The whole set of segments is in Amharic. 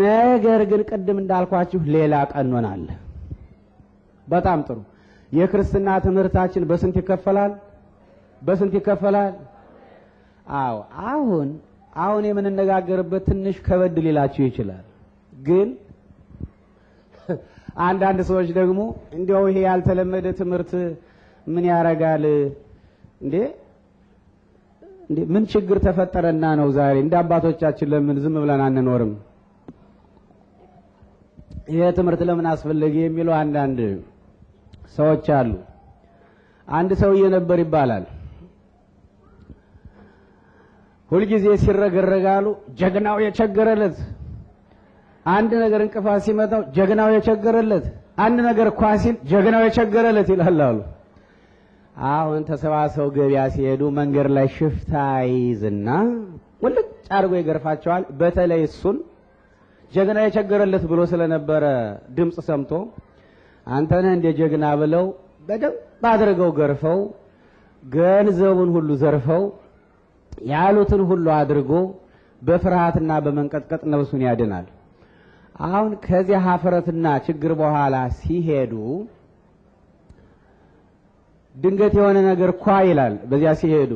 ነገር ግን ቅድም እንዳልኳችሁ ሌላ ቀኖና አለ። በጣም ጥሩ። የክርስትና ትምህርታችን በስንት ይከፈላል? በስንት ይከፈላል? አዎ አሁን አሁን የምንነጋገርበት ትንሽ ከበድ ሊላችሁ ይችላል። ግን አንዳንድ ሰዎች ደግሞ እንዲያው ይሄ ያልተለመደ ትምህርት ምን ያረጋል እንዴ ምን ችግር ተፈጠረና ነው ዛሬ እንደ አባቶቻችን ለምን ዝም ብለን አንኖርም? ይህ ትምህርት ለምን አስፈለገ የሚሉ አንዳንድ ሰዎች አሉ። አንድ ሰውዬ ነበር ይባላል። ሁልጊዜ ሲረገረጋሉ ጀግናው የቸገረለት አንድ ነገር እንቅፋት ሲመጣው ጀግናው የቸገረለት አንድ ነገር ኳሲል ሲል ጀግናው የቸገረለት ይላል አሉ። አሁን ተሰባሰው ገበያ ሲሄዱ መንገድ ላይ ሽፍታ ይዝና ውልጭ አድርጎ ይገርፋቸዋል። በተለይ እሱን ጀግና የቸገረለት ብሎ ስለነበረ ድምፅ ሰምቶ አንተነ እንደ ጀግና ብለው በደንብ አድርገው ገርፈው ገንዘቡን ሁሉ ዘርፈው ያሉትን ሁሉ አድርጎ በፍርሃትና በመንቀጥቀጥ ነብሱን ያድናል። አሁን ከዚያ ሀፍረትና ችግር በኋላ ሲሄዱ ድንገት የሆነ ነገር ኳ ይላል። በዚያ ሲሄዱ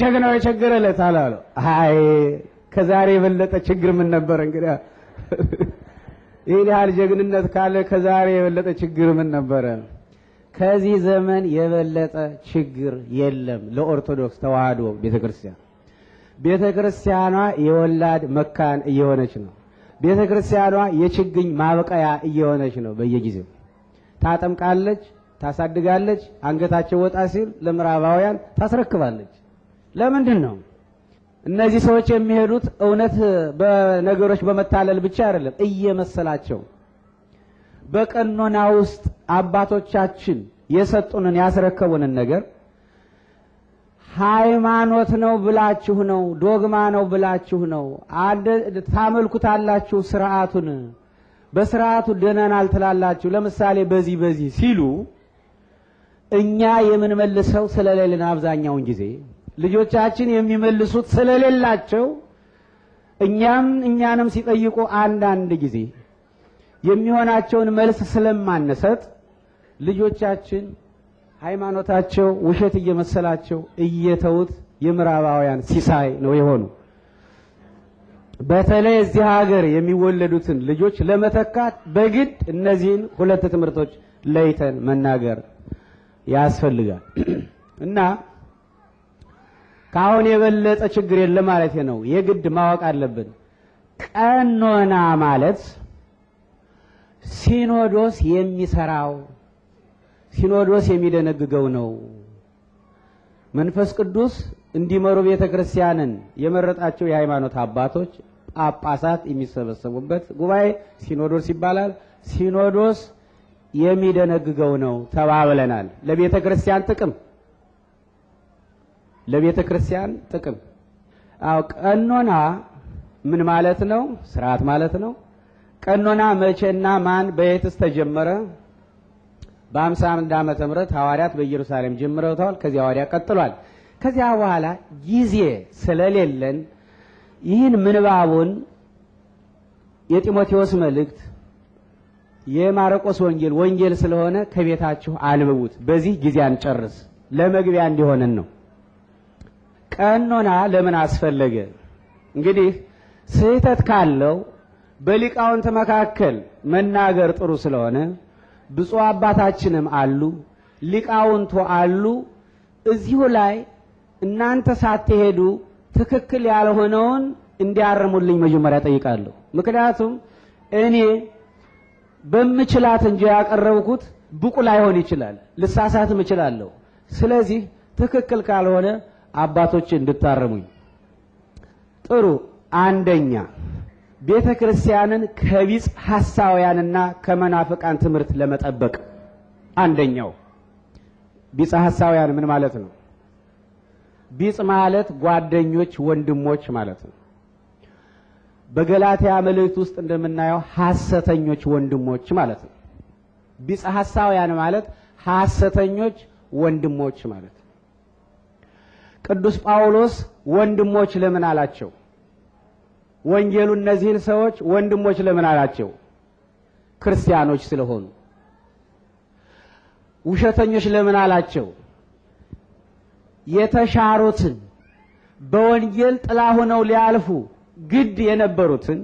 ጀግናው የቸገረለት አላሉ። አይ ከዛሬ የበለጠ ችግር ምን ነበር እንግዲህ ይህን ያህል ጀግንነት ካለ ከዛሬ የበለጠ ችግር ምን ነበረ? ከዚህ ዘመን የበለጠ ችግር የለም። ለኦርቶዶክስ ተዋህዶ ቤተ ክርስቲያን ቤተ ክርስቲያኗ የወላድ መካን እየሆነች ነው። ቤተ ክርስቲያኗ የችግኝ ማብቀያ እየሆነች ነው። በየጊዜው ታጠምቃለች፣ ታሳድጋለች። አንገታቸው ወጣ ሲል ለምዕራባውያን ታስረክባለች። ለምንድን ነው? እነዚህ ሰዎች የሚሄዱት እውነት በነገሮች በመታለል ብቻ አይደለም፣ እየመሰላቸው በቀኖና ውስጥ አባቶቻችን የሰጡንን ያስረከቡንን ነገር ሃይማኖት ነው ብላችሁ ነው፣ ዶግማ ነው ብላችሁ ነው ታመልኩታላችሁ፣ ስርዓቱን በስርዓቱ ድነናል ትላላችሁ፣ ለምሳሌ በዚህ በዚህ ሲሉ እኛ የምንመልሰው ስለሌለን አብዛኛውን ጊዜ ልጆቻችን የሚመልሱት ስለሌላቸው እኛም እኛንም ሲጠይቁ አንዳንድ ጊዜ የሚሆናቸውን መልስ ስለማንሰጥ ልጆቻችን ሃይማኖታቸው ውሸት እየመሰላቸው እየተውት የምዕራባውያን ሲሳይ ነው የሆኑ። በተለይ እዚህ ሀገር የሚወለዱትን ልጆች ለመተካት በግድ እነዚህን ሁለት ትምህርቶች ለይተን መናገር ያስፈልጋል እና ከአሁን የበለጠ ችግር የለም ማለት ነው። የግድ ማወቅ አለብን። ቀኖና ማለት ሲኖዶስ የሚሰራው ሲኖዶስ የሚደነግገው ነው። መንፈስ ቅዱስ እንዲመሩ ቤተ ክርስቲያንን የመረጣቸው የሃይማኖት አባቶች ጳጳሳት የሚሰበሰቡበት ጉባኤ ሲኖዶስ ይባላል። ሲኖዶስ የሚደነግገው ነው ተባብለናል። ለቤተ ክርስቲያን ጥቅም ለቤተ ክርስቲያን ጥቅም። አዎ ቀኖና ምን ማለት ነው? ስርዓት ማለት ነው። ቀኖና መቼና ማን በየትስ ተጀመረ? በአምሳ አንድ ዓመተ ምህረት ሐዋርያት በኢየሩሳሌም ጀምረውታል። ከዚያ ሐዋርያ ቀጥሏል። ከዚያ በኋላ ጊዜ ስለሌለን ይህን ምንባቡን የጢሞቴዎስ መልእክት የማርቆስ ወንጌል ወንጌል ስለሆነ ከቤታችሁ አንብቡት። በዚህ ጊዜ አንጨርስ ለመግቢያ እንዲሆንን ነው። ቀኖና ለምን አስፈለገ? እንግዲህ ስህተት ካለው በሊቃውንት መካከል መናገር ጥሩ ስለሆነ ብፁዕ አባታችንም አሉ፣ ሊቃውንቱ አሉ። እዚሁ ላይ እናንተ ሳትሄዱ ትክክል ያልሆነውን እንዲያርሙልኝ መጀመሪያ ጠይቃለሁ። ምክንያቱም እኔ በምችላት እንጂ ያቀረብኩት ብቁ ላይሆን ይችላል፣ ልሳሳትም እችላለሁ። ስለዚህ ትክክል ካልሆነ አባቶች እንድታረሙኝ። ጥሩ አንደኛ ቤተ ክርስቲያንን ከቢጽ ሐሳውያንና ከመናፍቃን ትምህርት ለመጠበቅ አንደኛው ቢጽ ሐሳውያን ምን ማለት ነው? ቢጽ ማለት ጓደኞች፣ ወንድሞች ማለት ነው። በገላትያ መልእክት ውስጥ እንደምናየው ሐሰተኞች ወንድሞች ማለት ነው። ቢጽ ሐሳውያን ማለት ሐሰተኞች ወንድሞች ማለት ነው። ቅዱስ ጳውሎስ ወንድሞች ለምን አላቸው? ወንጌሉ እነዚህን ሰዎች ወንድሞች ለምን አላቸው? ክርስቲያኖች ስለሆኑ። ውሸተኞች ለምን አላቸው? የተሻሩትን በወንጌል ጥላ ሆነው ሊያልፉ ግድ የነበሩትን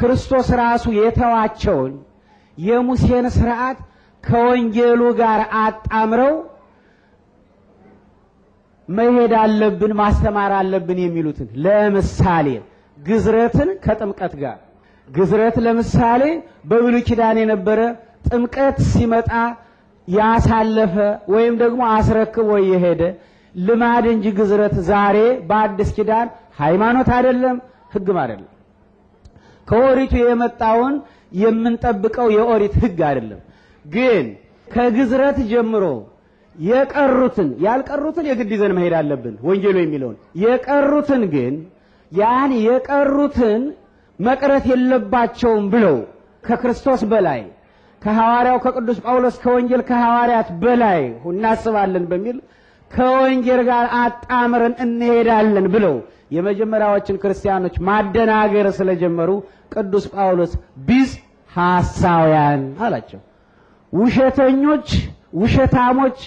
ክርስቶስ ራሱ የተዋቸውን የሙሴን ስርዓት ከወንጌሉ ጋር አጣምረው መሄድ አለብን፣ ማስተማር አለብን የሚሉትን ለምሳሌ ግዝረትን ከጥምቀት ጋር ግዝረት ለምሳሌ በብሉይ ኪዳን የነበረ ጥምቀት ሲመጣ ያሳለፈ ወይም ደግሞ አስረክቦ የሄደ ልማድ እንጂ ግዝረት ዛሬ በአዲስ ኪዳን ሃይማኖት አይደለም፣ ህግም አይደለም። ከኦሪቱ የመጣውን የምንጠብቀው የኦሪት ህግ አይደለም። ግን ከግዝረት ጀምሮ የቀሩትን ያልቀሩትን የግድ ይዘን መሄድ አለብን፣ ወንጌሉ የሚለውን የቀሩትን ግን ያን የቀሩትን መቅረት የለባቸውም ብለው ከክርስቶስ በላይ ከሐዋርያው ከቅዱስ ጳውሎስ ከወንጌል ከሐዋርያት በላይ እናስባለን በሚል ከወንጌል ጋር አጣምረን እንሄዳለን ብለው የመጀመሪያዎችን ክርስቲያኖች ማደናገር ስለጀመሩ ቅዱስ ጳውሎስ ቢጽ ሐሳውያን አላቸው። ውሸተኞች፣ ውሸታሞች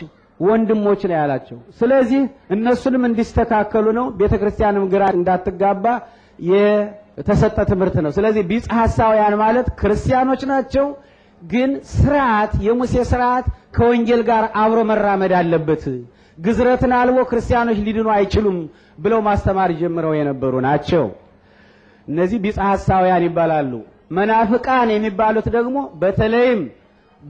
ወንድሞች ላይ አላቸው። ስለዚህ እነሱንም እንዲስተካከሉ ነው። ቤተ ክርስቲያንም ግራ እንዳትጋባ የተሰጠ ትምህርት ነው። ስለዚህ ቢጽ ሐሳውያን ማለት ክርስቲያኖች ናቸው፣ ግን ስርዓት የሙሴ ስርዓት ከወንጌል ጋር አብሮ መራመድ አለበት። ግዝረትን አልቦ ክርስቲያኖች ሊድኑ አይችሉም ብለው ማስተማር ጀምረው የነበሩ ናቸው። እነዚህ ቢጽ ሐሳውያን ይባላሉ። መናፍቃን የሚባሉት ደግሞ በተለይም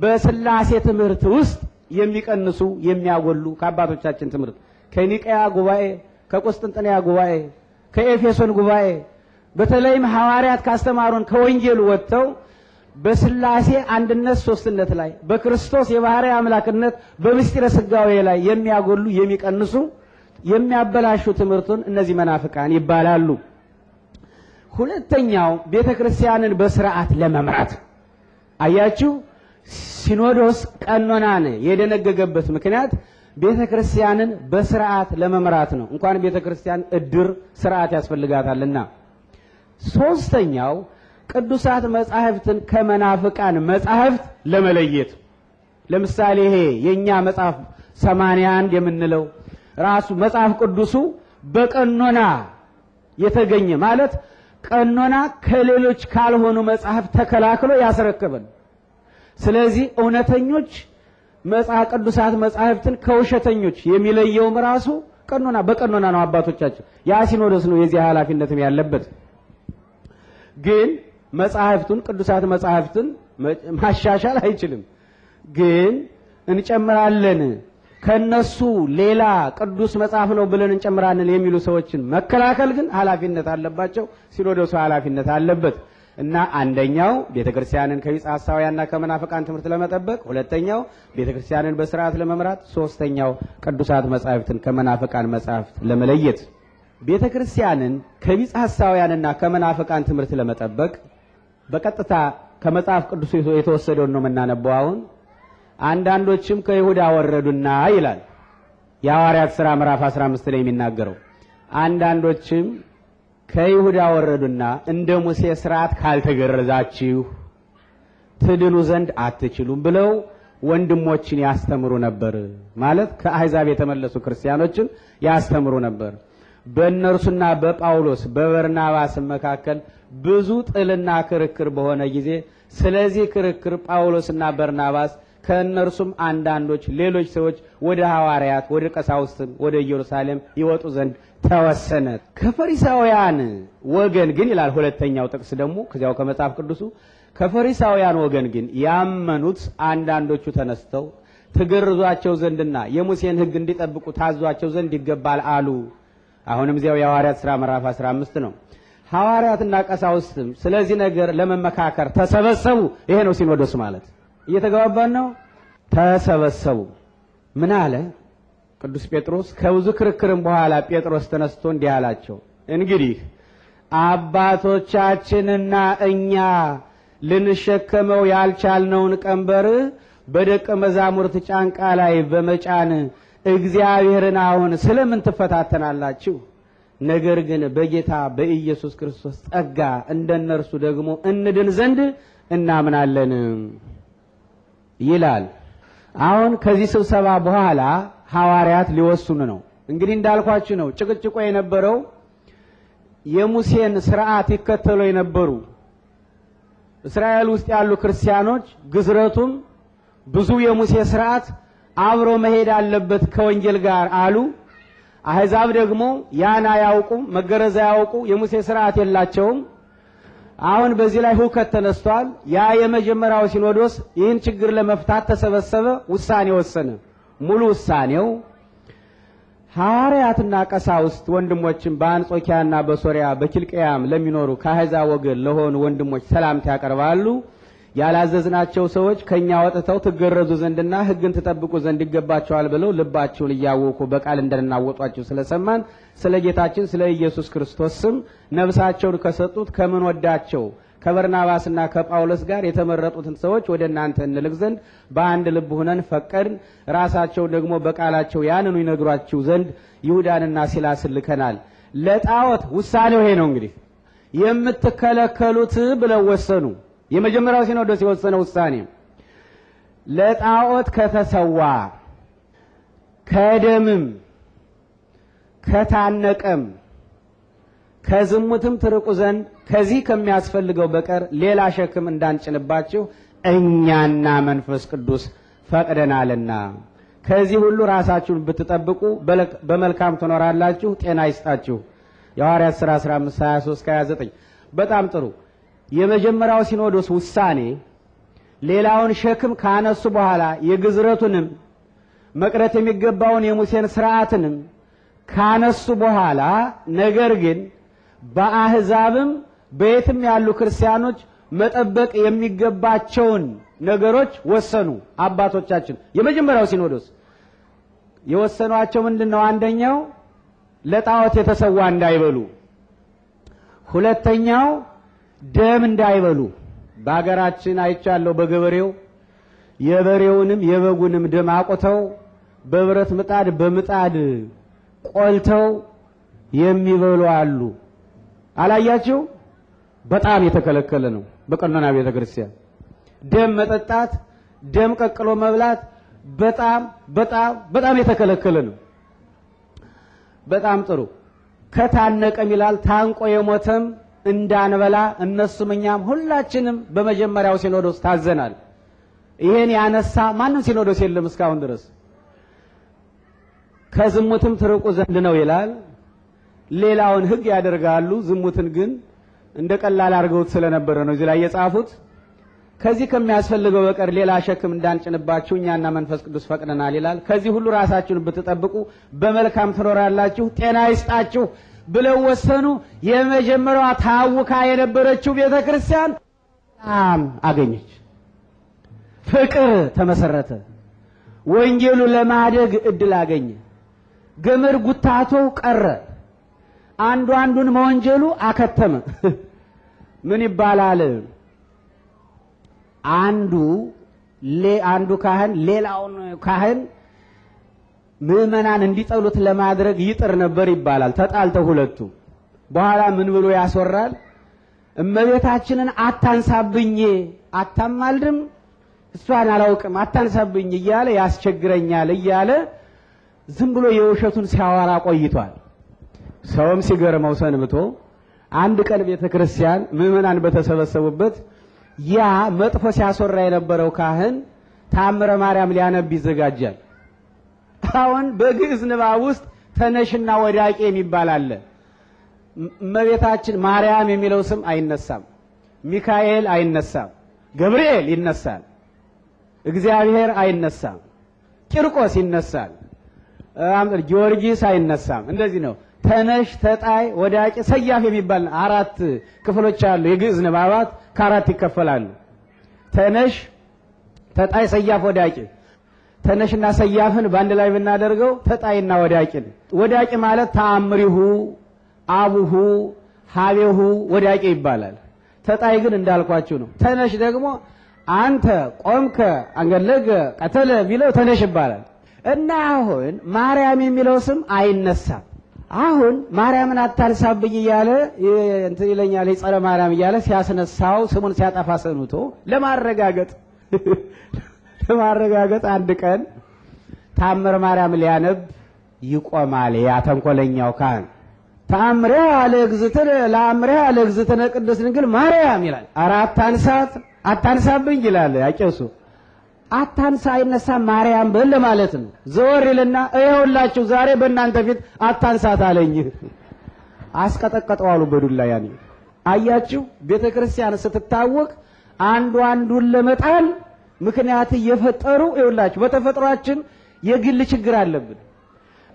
በስላሴ ትምህርት ውስጥ የሚቀንሱ የሚያጎሉ ከአባቶቻችን ትምህርት ከኒቀያ ጉባኤ፣ ከቁስጥንጥንያ ጉባኤ፣ ከኤፌሶን ጉባኤ በተለይም ሐዋርያት ካስተማሩን ከወንጌሉ ወጥተው በስላሴ አንድነት ሶስትነት ላይ በክርስቶስ የባህርይ አምላክነት በምስጢረ ስጋዌ ላይ የሚያጎሉ የሚቀንሱ የሚያበላሹ ትምህርቱን እነዚህ መናፍቃን ይባላሉ። ሁለተኛው ቤተ ክርስቲያንን በስርዓት ለመምራት አያችሁ ሲኖዶስ ቀኖናን የደነገገበት ምክንያት ቤተ ክርስቲያንን በስርዓት ለመምራት ነው። እንኳን ቤተ ክርስቲያን እድር ስርዓት ያስፈልጋታልና። ሶስተኛው ቅዱሳት መጻሕፍትን ከመናፍቃን መጻሕፍት ለመለየት ለምሳሌ ይሄ የእኛ መጽሐፍ 81 የምንለው ራሱ መጽሐፍ ቅዱሱ በቀኖና የተገኘ ማለት ቀኖና ከሌሎች ካልሆኑ መጽሐፍ ተከላክሎ ያስረከበን ስለዚህ እውነተኞች ቅዱሳት መጻሕፍትን ከውሸተኞች የሚለየውም ራሱ ቀኖና በቀኖና ነው። አባቶቻችን ያ ሲኖዶስ ነው የዚህ ኃላፊነትም ያለበት። ግን መጻሕፍቱን ቅዱሳት መጻሕፍትን ማሻሻል አይችልም። ግን እንጨምራለን ከነሱ ሌላ ቅዱስ መጽሐፍ ነው ብለን እንጨምራለን የሚሉ ሰዎችን መከላከል ግን ኃላፊነት አለባቸው። ሲኖዶሱ ኃላፊነት አለበት። እና አንደኛው ቤተ ክርስቲያንን ከቢጸ ሐሳውያንና ከመናፍቃን ትምህርት ለመጠበቅ፣ ሁለተኛው ቤተ ክርስቲያንን በስርዓት ለመምራት፣ ሶስተኛው ቅዱሳት መጻሕፍትን ከመናፍቃን መጻሕፍት ለመለየት። ቤተ ክርስቲያንን ከቢጸ ሐሳውያንና ከመናፍቃን ትምህርት ለመጠበቅ በቀጥታ ከመጽሐፍ ቅዱስ የተወሰደውን ነው የምናነበው። አሁን አንዳንዶችም ከይሁዳ ወረዱና ይላል የሐዋርያት ሥራ ምዕራፍ 15 ላይ የሚናገረው አንዳንዶችም ከይሁዳ ወረዱና እንደ ሙሴ ስርዓት ካልተገረዛችሁ ትድኑ ዘንድ አትችሉም ብለው ወንድሞችን ያስተምሩ ነበር። ማለት ከአሕዛብ የተመለሱ ክርስቲያኖችን ያስተምሩ ነበር። በእነርሱና በጳውሎስ በበርናባስ መካከል ብዙ ጥልና ክርክር በሆነ ጊዜ ስለዚህ ክርክር ጳውሎስና በርናባስ ከእነርሱም አንዳንዶች ሌሎች ሰዎች ወደ ሐዋርያት ወደ ቀሳውስትም ወደ ኢየሩሳሌም ይወጡ ዘንድ ተወሰነ። ከፈሪሳውያን ወገን ግን ይላል ሁለተኛው ጥቅስ ደግሞ ከዚያው ከመጽሐፍ ቅዱሱ ከፈሪሳውያን ወገን ግን ያመኑት አንዳንዶቹ ተነስተው ትገርዟቸው ዘንድና የሙሴን ሕግ እንዲጠብቁ ታዟቸው ዘንድ ይገባል አሉ። አሁንም እዚያው የሐዋርያት ሥራ ምዕራፍ 15 ነው። ሐዋርያትና ቀሳውስትም ስለዚህ ነገር ለመመካከር ተሰበሰቡ። ይሄ ነው ሲኖዶስ ማለት እየተገባባን ነው። ተሰበሰቡ። ምን አለ ቅዱስ ጴጥሮስ? ከብዙ ክርክርም በኋላ ጴጥሮስ ተነስቶ እንዲህ አላቸው፣ እንግዲህ አባቶቻችንና እኛ ልንሸከመው ያልቻልነውን ቀንበር በደቀ መዛሙርት ጫንቃ ላይ በመጫን እግዚአብሔርን አሁን ስለምን ትፈታተናላችሁ? ነገር ግን በጌታ በኢየሱስ ክርስቶስ ጸጋ እንደነርሱ ደግሞ እንድን ዘንድ እናምናለን። ይላል። አሁን ከዚህ ስብሰባ በኋላ ሐዋርያት ሊወስኑ ነው። እንግዲህ እንዳልኳችሁ ነው ጭቅጭቆ የነበረው የሙሴን ስርዓት ይከተሉ የነበሩ እስራኤል ውስጥ ያሉ ክርስቲያኖች ግዝረቱም ብዙ የሙሴ ስርዓት አብሮ መሄድ አለበት ከወንጌል ጋር አሉ። አህዛብ ደግሞ ያን አያውቁ፣ መገረዝ አያውቁ፣ የሙሴ ስርዓት የላቸውም። አሁን በዚህ ላይ ሁከት ተነስቷል። ያ የመጀመሪያው ሲኖዶስ ይህን ችግር ለመፍታት ተሰበሰበ፣ ውሳኔ ወሰነ። ሙሉ ውሳኔው ሐዋርያትና ቀሳውስት ወንድሞችን በአንጾኪያና በሶሪያ በኪልቅያም ለሚኖሩ ከአሕዛ ወገን ለሆኑ ወንድሞች ሰላምታ ያቀርባሉ። ያላዘዝናቸው ሰዎች ከእኛ ወጥተው ትገረዙ ዘንድና ሕግን ትጠብቁ ዘንድ ይገባቸዋል ብለው ልባችሁን እያወቁ በቃል እንደናወጧችሁ ስለሰማን ስለ ጌታችን ስለ ኢየሱስ ክርስቶስ ስም ነፍሳቸውን ከሰጡት ከምንወዳቸው ከበርናባስና ከጳውሎስ ጋር የተመረጡትን ሰዎች ወደ እናንተ እንልክ ዘንድ በአንድ ልብ ሁነን ፈቀድን። ራሳቸውን ደግሞ በቃላቸው ያንኑ ይነግሯችሁ ዘንድ ይሁዳንና ሲላስን ልከናል። ለጣዖት ውሳኔው ይሄ ነው። እንግዲህ የምትከለከሉት ብለው ወሰኑ። የመጀመሪያው ሲኖዶስ የወሰነ ውሳኔ ለጣዖት ከተሰዋ ከደምም ከታነቀም ከዝሙትም ትርቁ ዘንድ ከዚህ ከሚያስፈልገው በቀር ሌላ ሸክም እንዳንጭንባችሁ እኛና መንፈስ ቅዱስ ፈቅደናልና ከዚህ ሁሉ ራሳችሁን ብትጠብቁ በመልካም ትኖራላችሁ። ጤና ይስጣችሁ። የሐዋርያት ሥራ 15 23 29። በጣም ጥሩ። የመጀመሪያው ሲኖዶስ ውሳኔ ሌላውን ሸክም ካነሱ በኋላ የግዝረቱንም መቅረት የሚገባውን የሙሴን ስርዓትንም ካነሱ በኋላ ነገር ግን በአህዛብም በየትም ያሉ ክርስቲያኖች መጠበቅ የሚገባቸውን ነገሮች ወሰኑ። አባቶቻችን የመጀመሪያው ሲኖዶስ የወሰኗቸው ምንድን ነው? አንደኛው ለጣዖት የተሰዋ እንዳይበሉ፣ ሁለተኛው ደም እንዳይበሉ። በሀገራችን አይቻለሁ። በገበሬው የበሬውንም የበጉንም ደም አቁተው በብረት ምጣድ በምጣድ ቆልተው የሚበሉ አሉ። አላያችሁ? በጣም የተከለከለ ነው። በቀኖና ቤተ ክርስቲያን ደም መጠጣት፣ ደም ቀቅሎ መብላት በጣም በጣም በጣም የተከለከለ ነው። በጣም ጥሩ ከታነቀም ይላል ታንቆ የሞተም እንዳንበላ እነሱም እኛም ሁላችንም በመጀመሪያው ሲኖዶስ ታዘናል። ይሄን ያነሳ ማንም ሲኖዶስ የለም እስካሁን ድረስ ከዝሙትም ትርቁ ዘንድ ነው ይላል። ሌላውን ህግ ያደርጋሉ። ዝሙትን ግን እንደ ቀላል አድርገውት ስለነበረ ነው እዚህ ላይ የጻፉት። ከዚህ ከሚያስፈልገው በቀር ሌላ ሸክም እንዳንጭንባችሁ እኛና መንፈስ ቅዱስ ፈቅደናል ይላል። ከዚህ ሁሉ ራሳችሁን ብትጠብቁ በመልካም ትኖራላችሁ፣ ጤና ይስጣችሁ ብለው ወሰኑ። የመጀመሪያዋ ታውካ የነበረችው ቤተ ክርስቲያን አገኘች፣ ፍቅር ተመሰረተ፣ ወንጌሉ ለማደግ እድል አገኘ፣ ገመድ ጉታቶ ቀረ። አንዱ አንዱን መወንጀሉ አከተመ። ምን ይባላል? አንዱ አንዱ ካህን ሌላውን ካህን ምዕመናን እንዲጠሉት ለማድረግ ይጥር ነበር ይባላል። ተጣልተው ሁለቱ በኋላ ምን ብሎ ያስወራል? እመቤታችንን አታንሳብኝ፣ አታማልድም፣ እሷን አላውቅም፣ አታንሳብኝ እያለ ያስቸግረኛል እያለ ዝም ብሎ የውሸቱን ሲያወራ ቆይቷል። ሰውም ሲገርመው ሰንብቶ አንድ ቀን ቤተ ክርስቲያን ምዕመናን በተሰበሰቡበት ያ መጥፎ ሲያስወራ የነበረው ካህን ታምረ ማርያም ሊያነብ ይዘጋጃል። አሁን በግዕዝ ንባብ ውስጥ ተነሽና ወዳቂ የሚባል አለ። እመቤታችን ማርያም የሚለው ስም አይነሳም፣ ሚካኤል አይነሳም፣ ገብርኤል ይነሳል፣ እግዚአብሔር አይነሳም፣ ቂርቆስ ይነሳል፣ ጊዮርጊስ አይነሳም። እንደዚህ ነው። ተነሽ፣ ተጣይ፣ ወዳጭ፣ ሰያፍ የሚባል አራት ክፍሎች አሉ። የግዕዝ ንባባት ከአራት ይከፈላሉ። ተነሽ፣ ተጣይ፣ ሰያፍ፣ ወዳጭ። ተነሽና ሰያፍን በአንድ ላይ ብናደርገው ተጣይና ወዳጭን። ወዳጭ ማለት ተአምሪሁ፣ አቡሁ፣ ሀቤሁ ወዳጭ ይባላል። ተጣይ ግን እንዳልኳችሁ ነው። ተነሽ ደግሞ አንተ ቆምከ አንገለገ ቀተለ ቢለው ተነሽ ይባላል እና አሁን ማርያም የሚለው ስም አይነሳም። አሁን ማርያምን አታልሳብኝ እያለ ይለኛል የጸረ ማርያም እያለ ሲያስነሳው ስሙን ሲያጠፋ ሰንብቶ ለማረጋገጥ ለማረጋገጥ አንድ ቀን ታምር ማርያም ሊያነብ ይቆማል። ያ ተንኮለኛው ካህን ተአምሪሃ ለእግዝእትነ ለአምሪሃ ለእግዝእትነ ቅድስት ድንግል ማርያም ይላል። ኧረ አታንሳት አታንሳብኝ ይላል ያቄሱ አታንሳ አይነሳ ማርያም በል ማለት ነው። ዘወር ይልና እየውላችሁ ዛሬ በእናንተ ፊት አታንሳት አለኝ። አስቀጠቀጠው አሉ በዱላ ያኔ። አያችሁ ቤተ ክርስቲያን ስትታወቅ አንዱ አንዱን ለመጣል ምክንያት እየፈጠሩ ይውላችሁ። በተፈጥሯችን የግል ችግር አለብን።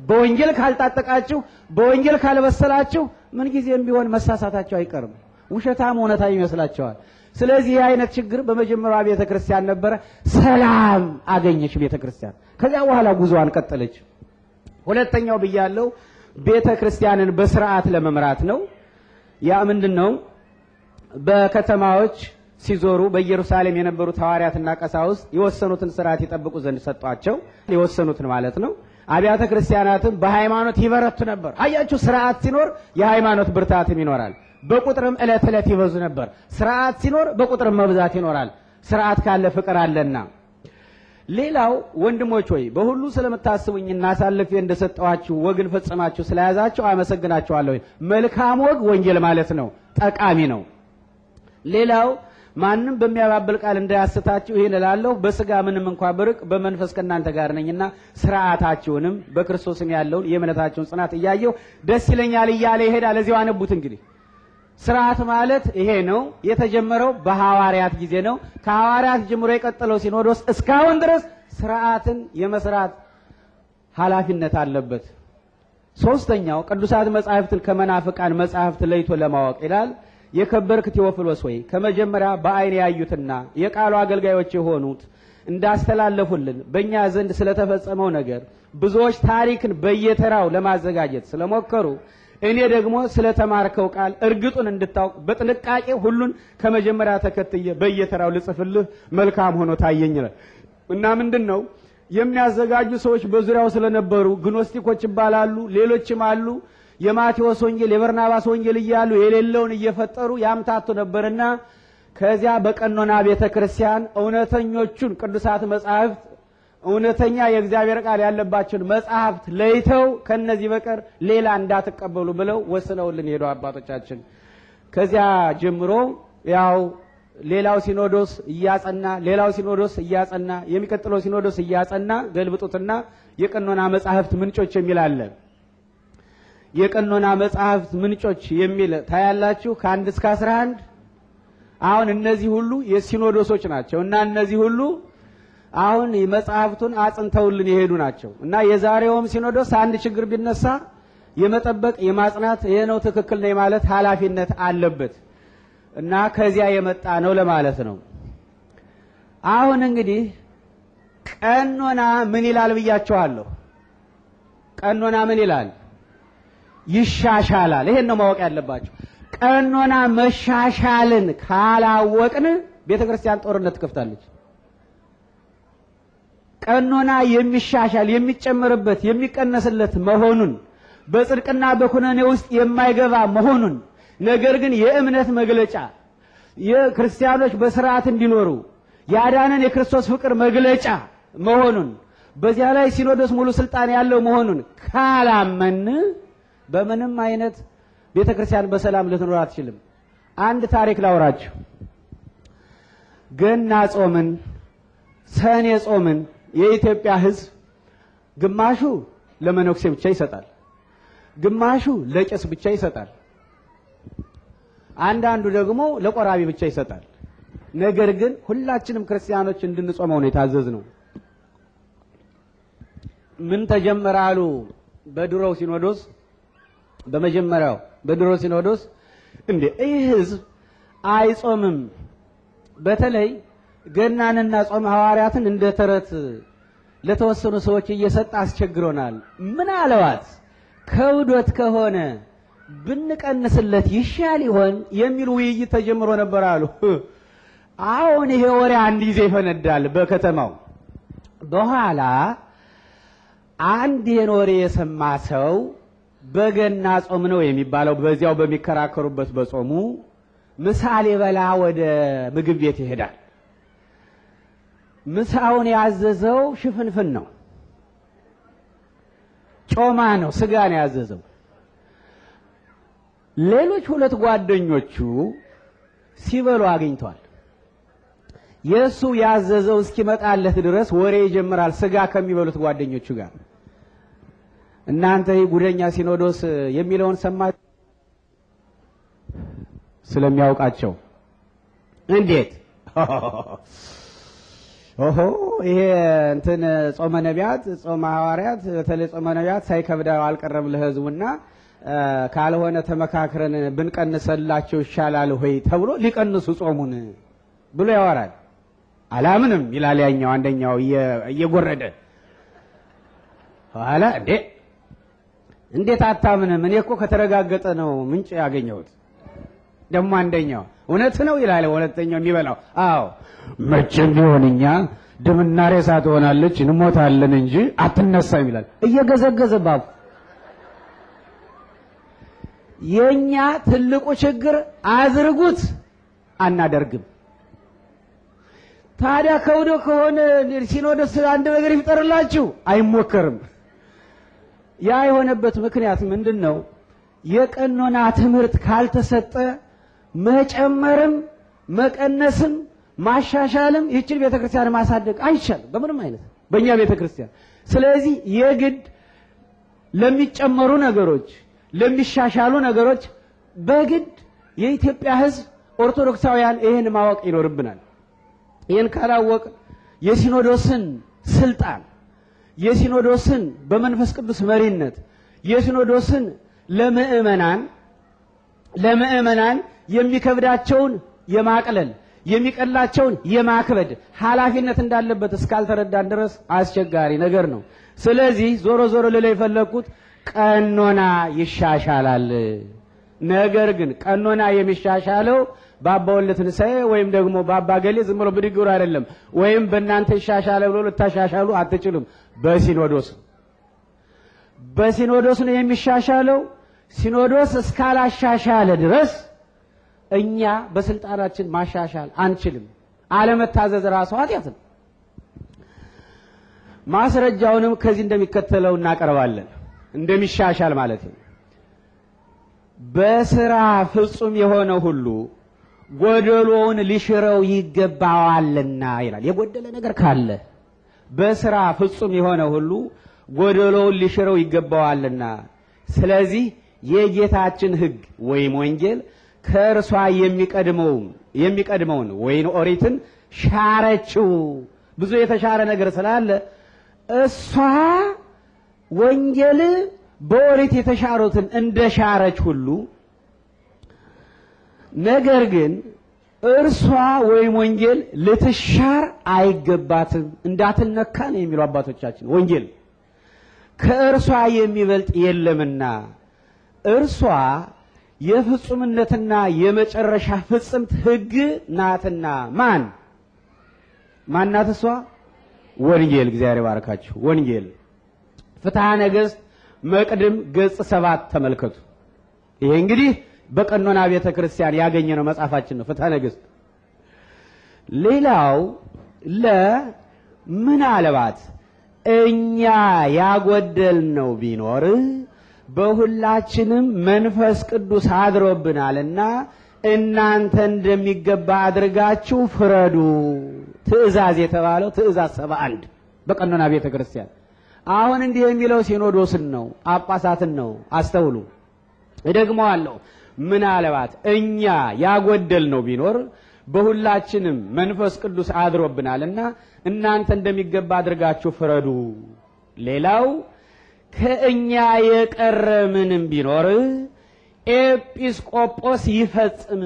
በወንጌል ካልጣጠቃችሁ፣ በወንጌል ካልበሰላችሁ ምን ጊዜም ቢሆን መሳሳታቸው አይቀርም። ውሸታም እውነታ ይመስላቸዋል። ስለዚህ ይህ አይነት ችግር በመጀመሪያ ቤተ ክርስቲያን ነበረ። ሰላም አገኘች ቤተ ክርስቲያን። ከዚያ በኋላ ጉዞዋን ቀጠለች። ሁለተኛው ብያለው ቤተ ክርስቲያንን በስርዓት ለመምራት ነው። ያ ምንድን ነው? በከተማዎች ሲዞሩ በኢየሩሳሌም የነበሩት ሐዋርያትና ቀሳውስት የወሰኑትን ስርዓት ይጠብቁ ዘንድ ሰጧቸው። የወሰኑትን ማለት ነው። አብያተ ክርስቲያናትም በሃይማኖት ይበረቱ ነበር። አያችሁ፣ ስርዓት ሲኖር የሃይማኖት ብርታትም ይኖራል። በቁጥርም ዕለት ዕለት ይበዙ ነበር። ስርዓት ሲኖር በቁጥርም መብዛት ይኖራል። ስርዓት ካለ ፍቅር አለና። ሌላው ወንድሞች ሆይ በሁሉ ስለምታስቡኝና አሳልፌ እንደሰጠዋችሁ ወግን ፈጽማችሁ ስለያዛችሁ አመሰግናችኋለሁ። መልካም ወግ ወንጌል ማለት ነው፣ ጠቃሚ ነው። ሌላው ማንም በሚያባብል ቃል እንዳያስታችሁ ይህን እላለሁ። በስጋ ምንም እንኳ ብርቅ በመንፈስ ከእናንተ ጋር ነኝና ስርዓታችሁንም በክርስቶስም ያለውን የእምነታችሁን ጽናት እያየሁ ደስ ይለኛል እያለ ይሄዳል። እዚያው አነቡት እንግዲህ ስርዓት ማለት ይሄ ነው። የተጀመረው በሐዋርያት ጊዜ ነው። ከሐዋርያት ጀምሮ የቀጠለው ሲኖዶስ እስካሁን ድረስ ስርዓትን የመስራት ኃላፊነት አለበት። ሶስተኛው ቅዱሳት መጻሕፍትን ከመናፍቃን መጻሕፍት ለይቶ ለማወቅ ይላል። የከበርክ ቴዎፍሎስ ወይ ከመጀመሪያ በዓይን ያዩትና የቃሉ አገልጋዮች የሆኑት እንዳስተላለፉልን በእኛ ዘንድ ስለተፈጸመው ነገር ብዙዎች ታሪክን በየተራው ለማዘጋጀት ስለሞከሩ እኔ ደግሞ ስለተማርከው ቃል እርግጡን እንድታውቅ በጥንቃቄ ሁሉን ከመጀመሪያ ተከትዬ በየተራው ልጽፍልህ መልካም ሆኖ ታየኝ ይላል እና ምንድን ነው የሚያዘጋጁ ሰዎች በዙሪያው ስለነበሩ ግኖስቲኮች ይባላሉ፣ ሌሎችም አሉ። የማቴዎስ ወንጌል የበርናባስ ወንጌል እያሉ የሌለውን እየፈጠሩ ያምታቱ ነበርና ከዚያ በቀኖና ቤተ ክርስቲያን እውነተኞቹን ቅዱሳት መጻሕፍት እውነተኛ የእግዚአብሔር ቃል ያለባቸውን መጽሐፍት ለይተው ከነዚህ በቀር ሌላ እንዳትቀበሉ ብለው ወስነውልን ሄዱ አባቶቻችን። ከዚያ ጀምሮ ያው ሌላው ሲኖዶስ እያጸና ሌላው ሲኖዶስ እያጸና የሚቀጥለው ሲኖዶስ እያጸና ገልብጡትና የቀኖና መጽሐፍት ምንጮች የሚል አለ። የቀኖና መጽሐፍት ምንጮች የሚል ታያላችሁ ከአንድ እስከ አስራ አንድ አሁን እነዚህ ሁሉ የሲኖዶሶች ናቸው እና እነዚህ ሁሉ አሁን መጽሐፍቱን አጽንተውልን የሄዱ ናቸው እና የዛሬውም ሲኖዶስ አንድ ችግር ቢነሳ የመጠበቅ የማጽናት ይሄ ነው ትክክል ነው ማለት ኃላፊነት አለበት እና ከዚያ የመጣ ነው ለማለት ነው። አሁን እንግዲህ ቀኖና ምን ይላል ብያችኋለሁ። ቀኖና ምን ይላል? ይሻሻላል። ይሄን ነው ማወቅ ያለባቸው። ቀኖና መሻሻልን ካላወቅን ቤተክርስቲያን ጦርነት ትከፍታለች። ቀኖና የሚሻሻል የሚጨመርበት የሚቀነስለት መሆኑን በጽድቅና በኩነኔ ውስጥ የማይገባ መሆኑን ነገር ግን የእምነት መግለጫ የክርስቲያኖች በስርዓት እንዲኖሩ ያዳነን የክርስቶስ ፍቅር መግለጫ መሆኑን በዚያ ላይ ሲኖዶስ ሙሉ ስልጣን ያለው መሆኑን ካላመን በምንም አይነት ቤተ ክርስቲያን በሰላም ልትኖር አትችልም። አንድ ታሪክ ላውራችሁ። ገና ጾምን፣ ሰኔ ጾምን የኢትዮጵያ ሕዝብ ግማሹ ለመነኩሴ ብቻ ይሰጣል፣ ግማሹ ለቄስ ብቻ ይሰጣል፣ አንዳንዱ ደግሞ ለቆራቢ ብቻ ይሰጣል። ነገር ግን ሁላችንም ክርስቲያኖች እንድንጾመው ነው የታዘዝነው። ምን ተጀመረ አሉ በድሮው ሲኖዶስ በመጀመሪያው በድሮው ሲኖዶስ እንዴ ይህ ህዝብ አይጾምም። በተለይ ገናንና ጾም ሐዋርያትን እንደ ተረት ለተወሰኑ ሰዎች እየሰጠ አስቸግሮናል። ምን አለዋት ከውዶት ከሆነ ብንቀንስለት ይሻል ይሆን የሚል ውይይት ተጀምሮ ነበር አሉ። አሁን ይሄ ወሬ አንድ ጊዜ ይፈነዳል በከተማው። በኋላ አንድ ይሄን ወሬ የሰማ ሰው በገና ጾም ነው የሚባለው በዚያው በሚከራከሩበት በጾሙ ምሳሌ በላ ወደ ምግብ ቤት ይሄዳል። ምሳውን ያዘዘው ሽፍንፍን ነው፣ ጮማ ነው፣ ስጋ ነው ያዘዘው። ሌሎች ሁለት ጓደኞቹ ሲበሉ አግኝቷል። የእሱ ያዘዘው እስኪመጣለት ድረስ ወሬ ይጀምራል ስጋ ከሚበሉት ጓደኞቹ ጋር። እናንተ ይህ ጉደኛ ሲኖዶስ የሚለውን ሰማችሁ? ስለሚያውቃቸው እንዴት ኦሆ ይሄ እንትን ጾመ ነቢያት ጾመ ሐዋርያት በተለይ ጾመ ነቢያት ሳይከብዳው አልቀረም ለህዝቡና ካልሆነ ተመካክረን ብንቀንሰላቸው ይሻላል ሆይ ተብሎ ሊቀንሱ ጾሙን ብሎ ያወራል። አላምንም ይላል ያኛው አንደኛው እየጎረደ ኋላ እንዴ እንዴት አታምንም? እኔ እኮ ከተረጋገጠ ነው ምንጭ ያገኘሁት ደግሞ አንደኛው እውነት ነው ይላል፣ ሁለተኛው የሚበላው አዎ፣ መቼም ቢሆን እኛ ደምና ሬሳ ትሆናለች እንሞታለን እንጂ አትነሳም ይላል፣ እየገዘገዘ ባቡ። የእኛ ትልቁ ችግር አዝርጉት አናደርግም። ታዲያ ከውዶ ከሆነ ሲኖዶስ አንድ ነገር ይፍጠርላችሁ አይሞከርም። ያ የሆነበት ምክንያት ምንድን ነው? የቀኖና ትምህርት ካልተሰጠ መጨመርም መቀነስም ማሻሻልም ይህችን ቤተክርስቲያን ማሳደግ አይቻልም፣ በምንም አይነት በእኛ ቤተክርስቲያን። ስለዚህ የግድ ለሚጨመሩ ነገሮች ለሚሻሻሉ ነገሮች በግድ የኢትዮጵያ ሕዝብ ኦርቶዶክሳውያን ይህን ማወቅ ይኖርብናል። ይህን ካላወቅ የሲኖዶስን ስልጣን የሲኖዶስን በመንፈስ ቅዱስ መሪነት የሲኖዶስን ለምእመናን ለምእመናን የሚከብዳቸውን የማቅለል የሚቀላቸውን የማክበድ ኃላፊነት እንዳለበት እስካልተረዳን ድረስ አስቸጋሪ ነገር ነው። ስለዚህ ዞሮ ዞሮ ልለ የፈለግኩት ቀኖና ይሻሻላል። ነገር ግን ቀኖና የሚሻሻለው በአባ ወልደ ትንሣኤ ወይም ደግሞ በአባ ገሌ ዝም ብሎ ብድግሩ አይደለም። ወይም በእናንተ ይሻሻለ ብሎ ልታሻሻሉ አትችሉም። በሲኖዶስ በሲኖዶስ ነው የሚሻሻለው። ሲኖዶስ እስካላሻሻለ ድረስ እኛ በስልጣናችን ማሻሻል አንችልም። አለመታዘዝ ራሱ ኃጢአት ነው። ማስረጃውንም ከዚህ እንደሚከተለው እናቀርባለን። እንደሚሻሻል ማለት ነው። በስራ ፍጹም የሆነ ሁሉ ጎደሎውን ሊሽረው ይገባዋልና ይላል። የጎደለ ነገር ካለ በስራ ፍጹም የሆነ ሁሉ ጎደሎውን ሊሽረው ይገባዋልና ስለዚህ የጌታችን ሕግ ወይም ወንጌል ከእርሷ የሚቀድመውን ወይን ኦሪትን ሻረችው። ብዙ የተሻረ ነገር ስላለ እሷ ወንጌል በኦሪት የተሻሩትን እንደ ሻረች ሁሉ ነገር ግን እርሷ ወይም ወንጌል ልትሻር አይገባትም፣ እንዳትነካ ነው የሚሉ አባቶቻችን። ወንጌል ከእርሷ የሚበልጥ የለምና እርሷ የፍጹምነትና የመጨረሻ ፍጽምት ሕግ ናትና ማን ማን ናት እሷ? ወንጌል። እግዚአብሔር ባርካችሁ። ወንጌል ፍትሐ ነገሥት መቅድም ገጽ ሰባት ተመልከቱ። ይሄ እንግዲህ በቀኖና ቤተ ክርስቲያን ያገኘነው መጽሐፋችን ነው ፍትሐ ነገሥት። ሌላው ለምናልባት እኛ ያጎደልነው ቢኖር በሁላችንም መንፈስ ቅዱስ አድሮብናልና እናንተ እንደሚገባ አድርጋችሁ ፍረዱ። ትእዛዝ የተባለው ትእዛዝ ሰባ አንድ በቀኖና ቤተ ክርስቲያን አሁን እንዲህ የሚለው ሲኖዶስን ነው፣ ጳጳሳትን ነው። አስተውሉ። እደግመዋለሁ። ምናልባት እኛ ያጎደል ነው ቢኖር በሁላችንም መንፈስ ቅዱስ አድሮብናልና እናንተ እንደሚገባ አድርጋችሁ ፍረዱ። ሌላው ከእኛ የቀረ ምንም ቢኖር ኤጲስቆጶስ ይፈጽም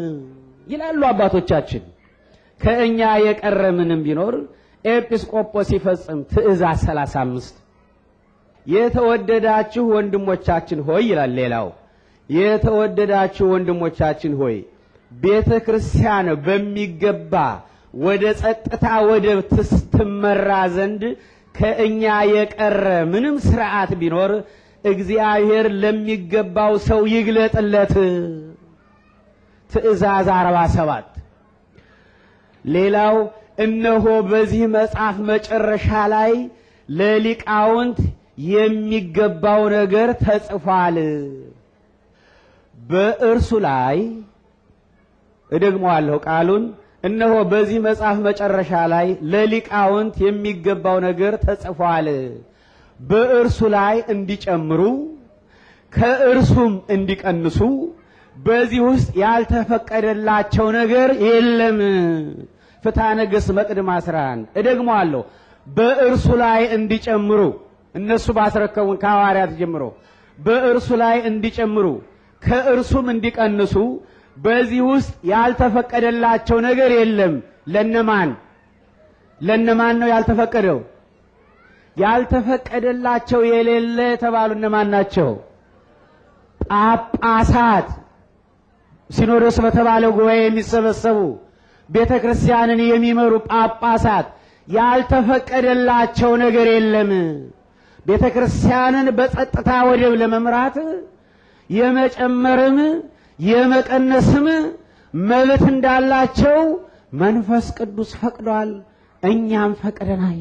ይላሉ አባቶቻችን። ከእኛ የቀረ ምንም ቢኖር ኤጲስቆጶስ ይፈጽም ትእዛዝ 35 የተወደዳችሁ ወንድሞቻችን ሆይ ይላል ሌላው። የተወደዳችሁ ወንድሞቻችን ሆይ ቤተ ክርስቲያን በሚገባ ወደ ጸጥታ ወደብ ትመራ ዘንድ ከእኛ የቀረ ምንም ስርዓት ቢኖር እግዚአብሔር ለሚገባው ሰው ይግለጥለት። ትእዛዝ 47 ሌላው እነሆ በዚህ መጽሐፍ መጨረሻ ላይ ለሊቃውንት የሚገባው ነገር ተጽፏል። በእርሱ ላይ እደግመዋለሁ ቃሉን እነሆ በዚህ መጽሐፍ መጨረሻ ላይ ለሊቃውንት የሚገባው ነገር ተጽፏል። በእርሱ ላይ እንዲጨምሩ ከእርሱም እንዲቀንሱ በዚህ ውስጥ ያልተፈቀደላቸው ነገር የለም። ፍትሐ ነገሥት መቅድም 11 እደግመዋለሁ። በእርሱ ላይ እንዲጨምሩ እነሱ ባስረከቡን ከሐዋርያት ጀምሮ በእርሱ ላይ እንዲጨምሩ ከእርሱም እንዲቀንሱ በዚህ ውስጥ ያልተፈቀደላቸው ነገር የለም። ለነማን ለነማን ነው ያልተፈቀደው? ያልተፈቀደላቸው የሌለ የተባሉ እነማን ናቸው? ጳጳሳት፣ ሲኖዶስ በተባለ ጉባኤ የሚሰበሰቡ ቤተ ክርስቲያንን የሚመሩ ጳጳሳት ያልተፈቀደላቸው ነገር የለም። ቤተ ክርስቲያንን በጸጥታ ወደብ ለመምራት የመጨመርም የመቀነስም መብት እንዳላቸው መንፈስ ቅዱስ ፈቅዷል፣ እኛም ፈቅደናል።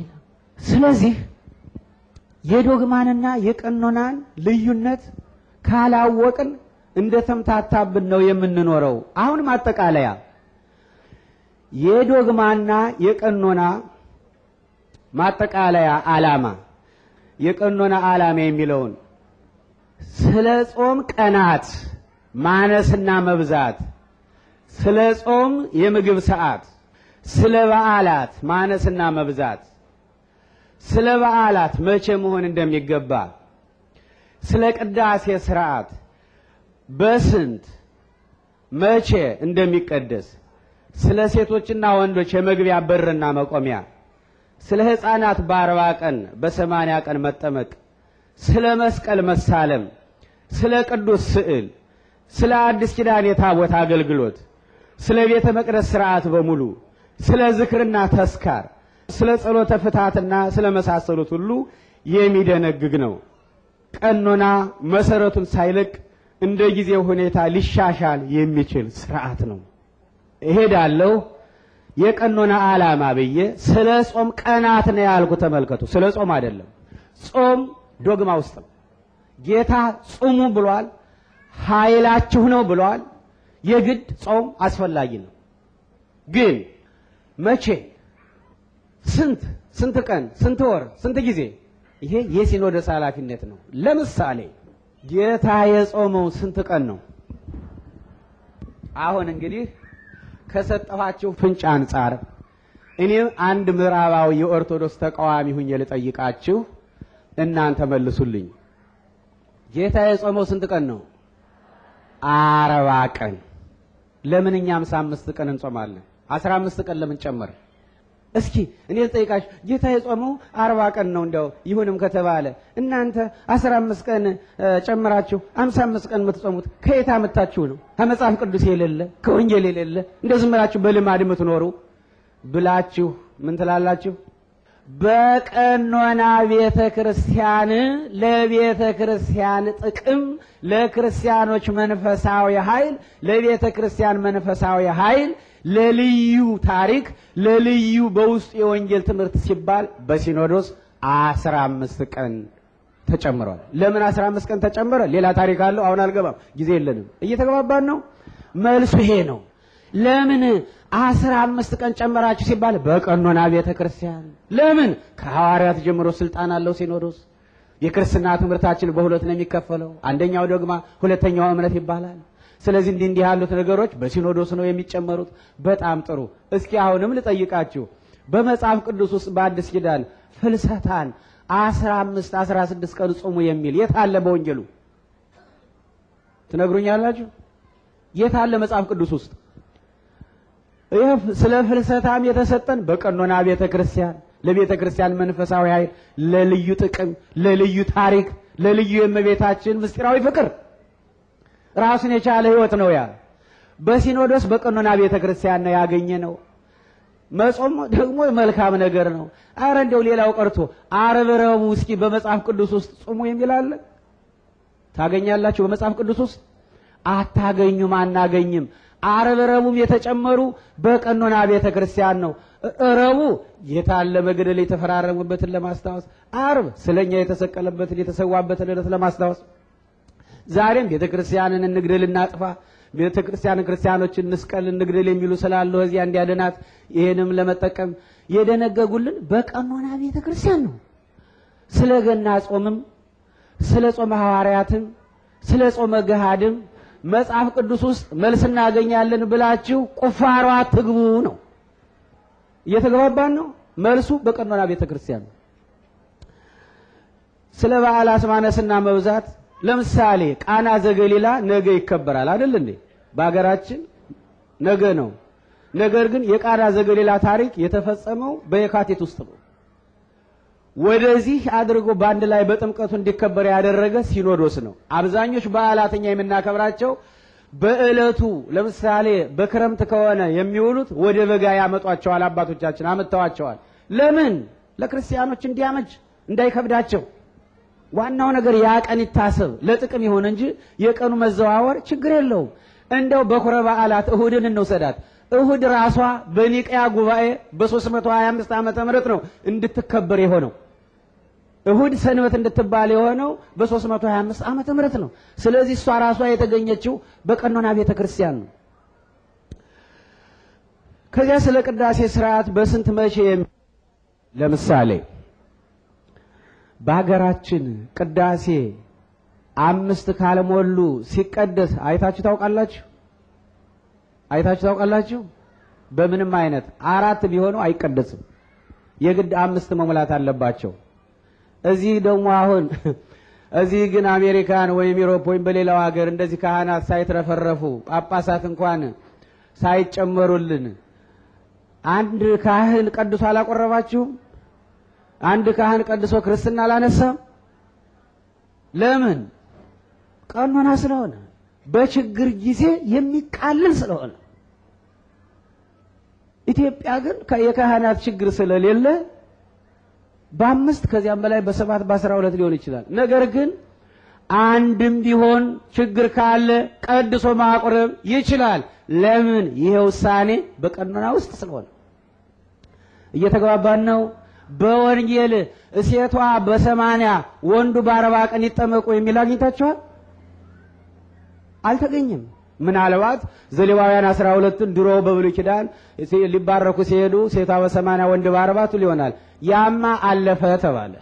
ስለዚህ የዶግማንና የቀኖናን ልዩነት ካላወቅን እንደ ተምታታብን ነው የምንኖረው። አሁን ማጠቃለያ የዶግማና የቀኖና ማጠቃለያ ዓላማ የቀኖና ዓላማ የሚለውን ስለ ጾም ቀናት ማነስና መብዛት፣ ስለ ጾም የምግብ ሰዓት፣ ስለ በዓላት ማነስና መብዛት፣ ስለ በዓላት መቼ መሆን እንደሚገባ፣ ስለ ቅዳሴ ስርዓት በስንት መቼ እንደሚቀደስ፣ ስለ ሴቶችና ወንዶች የመግቢያ በርና መቆሚያ፣ ስለ ሕፃናት በአርባ ቀን በሰማንያ ቀን መጠመቅ፣ ስለ መስቀል መሳለም፣ ስለ ቅዱስ ስዕል ስለ አዲስ ኪዳን የታቦት አገልግሎት፣ ስለ ቤተ መቅደስ ስርዓት በሙሉ፣ ስለ ዝክርና ተስካር፣ ስለ ጸሎተ ፍታትና ስለ መሳሰሉት ሁሉ የሚደነግግ ነው። ቀኖና መሰረቱን ሳይለቅ እንደ ጊዜው ሁኔታ ሊሻሻል የሚችል ስርዓት ነው። እሄዳለሁ የቀኖና ዓላማ ብዬ ስለ ጾም ቀናት ነው ያልኩ። ተመልከቱ፣ ስለ ጾም አይደለም። ጾም ዶግማ ውስጥ ነው። ጌታ ጾሙ ብሏል። ኃይላችሁ ነው ብለዋል። የግድ ጾም አስፈላጊ ነው። ግን መቼ፣ ስንት ስንት ቀን፣ ስንት ወር፣ ስንት ጊዜ? ይሄ የሲኖዶስ ኃላፊነት ነው። ለምሳሌ ጌታ የጾመው ስንት ቀን ነው? አሁን እንግዲህ ከሰጠኋችሁ ፍንጭ አንጻር እኔም አንድ ምዕራባዊ የኦርቶዶክስ ተቃዋሚ ሁኜ ልጠይቃችሁ፣ እናንተ መልሱልኝ። ጌታ የጾመው ስንት ቀን ነው? አርባ ቀን ለምን እኛ አምስት ቀን እንጾማለን? አስራ አምስት ቀን ለምን ጨመር? እስኪ እኔ ልጠይቃችሁ፣ ጌታ የጾመው አርባ ቀን ነው። እንደው ይሁንም ከተባለ እናንተ አስራ አምስት ቀን ጨምራችሁ ሃምሳ አምስት ቀን የምትጾሙት ከየት አመጣችሁ ነው? ከመጽሐፍ ቅዱስ የሌለ ከወንጌል የሌለ እንደዝምራችሁ በልማድ የምትኖሩ ብላችሁ ምን ትላላችሁ? በቀኖና ቤተ ክርስቲያን ለቤተ ክርስቲያን ጥቅም፣ ለክርስቲያኖች መንፈሳዊ ኃይል፣ ለቤተ ክርስቲያን መንፈሳዊ ኃይል፣ ለልዩ ታሪክ፣ ለልዩ በውስጡ የወንጌል ትምህርት ሲባል በሲኖዶስ አስራ አምስት ቀን ተጨምሯል። ለምን አስራ አምስት ቀን ተጨመረ? ሌላ ታሪክ አለው። አሁን አልገባም፣ ጊዜ የለንም። እየተገባባን ነው። መልሱ ይሄ ነው። ለምን አስራ አምስት ቀን ጨመራችሁ ሲባል በቀኖና ቤተ ክርስቲያን ለምን ከሐዋርያት ጀምሮ ስልጣን አለው ሲኖዶስ። የክርስትና ትምህርታችን በሁለት ነው የሚከፈለው። አንደኛው ዶግማ፣ ሁለተኛው እምነት ይባላል። ስለዚህ እንዲህ እንዲህ ያሉት ነገሮች በሲኖዶስ ነው የሚጨመሩት። በጣም ጥሩ። እስኪ አሁንም ልጠይቃችሁ በመጽሐፍ ቅዱስ ውስጥ በአዲስ ኪዳን ፍልሰታን አስራ አምስት አስራ ስድስት ቀን ጾሙ የሚል የት አለ? በወንጌሉ ትነግሩኛላችሁ? የት አለ መጽሐፍ ቅዱስ ውስጥ? ስለ ፍልሰታም የተሰጠን በቀኖና ቤተ ክርስቲያን ለቤተ ክርስቲያን መንፈሳዊ ኃይል፣ ለልዩ ጥቅም፣ ለልዩ ታሪክ፣ ለልዩ የእመቤታችን ምስጢራዊ ፍቅር ራሱን የቻለ ህይወት ነው። ያ በሲኖዶስ በቀኖና ቤተ ክርስቲያን ነው ያገኘ ነው። መጾም ደግሞ መልካም ነገር ነው። አረ እንደው ሌላው ቀርቶ አርብ ረቡዕ እስኪ በመጽሐፍ ቅዱስ ውስጥ ጽሙ የሚል አለ? ታገኛላችሁ? በመጽሐፍ ቅዱስ ውስጥ አታገኙም፣ አናገኝም። ዓርብ ረቡ የተጨመሩ በቀኖና ቤተ ክርስቲያን ነው። ረቡ ጌታን ለመግደል የተፈራረሙበትን ለማስታወስ፣ ዓርብ ስለኛ የተሰቀለበትን የተሰዋበትን ዕለት ለማስታወስ። ዛሬም ቤተ ክርስቲያንን እንግደል እናጥፋ፣ ቤተ ክርስቲያን ክርስቲያኖችን እንስቀል፣ እንግደል የሚሉ ስላለው እዚያ እንዲያደናት ይህንም ለመጠቀም የደነገጉልን በቀኖና ቤተ ክርስቲያን ነው። ስለ ገና ጾምም ስለ ጾመ ሐዋርያትም ስለ ጾመ ገሃድም መጽሐፍ ቅዱስ ውስጥ መልስ እናገኛለን ብላችሁ ቁፋሯ ትግቡ ነው። እየተገባባን ነው። መልሱ በቀኖና ቤተ ክርስቲያን ነው። ስለ በዓል አስማነስና መብዛት ለምሳሌ ቃና ዘገሊላ ነገ ይከበራል አይደል እንዴ? በሀገራችን ነገ ነው። ነገር ግን የቃና ዘገሊላ ታሪክ የተፈጸመው በየካቴት ውስጥ ነው። ወደዚህ አድርጎ በአንድ ላይ በጥምቀቱ እንዲከበር ያደረገ ሲኖዶስ ነው። አብዛኞች በዓላተኛ የምናከብራቸው በዕለቱ ለምሳሌ በክረምት ከሆነ የሚውሉት ወደ በጋ ያመጧቸዋል። አባቶቻችን አመጥተዋቸዋል። ለምን? ለክርስቲያኖች እንዲያመች እንዳይከብዳቸው። ዋናው ነገር ያ ቀን ይታሰብ ለጥቅም ይሆን እንጂ የቀኑ መዘዋወር ችግር የለውም። እንደው በኩረ በዓላት እሁድን እንውሰዳት። እሁድ ራሷ በኒቅያ ጉባኤ በ325 ዓመተ ምህረት ነው እንድትከበር የሆነው። እሁድ ሰንበት እንድትባል የሆነው በ325 ዓመተ ምህረት ነው። ስለዚህ እሷ ራሷ የተገኘችው በቀኖና ቤተ ክርስቲያን ነው። ከዚያ ስለ ቅዳሴ ስርዓት በስንት መቼ ለምሳሌ በሀገራችን ቅዳሴ አምስት ካልሞሉ ሲቀደስ አይታችሁ ታውቃላችሁ? አይታችሁ ታውቃላችሁ? በምንም አይነት አራት ቢሆኑ አይቀደስም። የግድ አምስት መሙላት አለባቸው። እዚህ ደግሞ አሁን እዚህ ግን አሜሪካን ወይም ዩሮፕ ወይም በሌላው ሀገር እንደዚህ ካህናት ሳይትረፈረፉ ጳጳሳት እንኳን ሳይጨመሩልን አንድ ካህን ቀድሶ አላቆረባችሁም? አንድ ካህን ቀድሶ ክርስትና አላነሳም? ለምን? ቀኖና ስለሆነ በችግር ጊዜ የሚቃልል ስለሆነ። ኢትዮጵያ ግን የካህናት ችግር ስለሌለ በአምስት ከዚያም በላይ በሰባት በአስራ ሁለት ሊሆን ይችላል። ነገር ግን አንድም ቢሆን ችግር ካለ ቀድሶ ማቁረብ ይችላል። ለምን? ይሄ ውሳኔ በቀኖና ውስጥ ስለሆነ እየተግባባን ነው። በወንጌል እሴቷ በሰማንያ ወንዱ በአርባ ቀን ይጠመቁ የሚል አግኝታችኋል? አልተገኘም። ምናልባት ዘሌዋውያን አስራ ሁለቱን ድሮ በብሉይ ኪዳን ሊባረኩ ሲሄዱ ሴቷ በሰማንያ ወንድ በአርባቱ ሊሆናል። ያማ አለፈ ተባለ።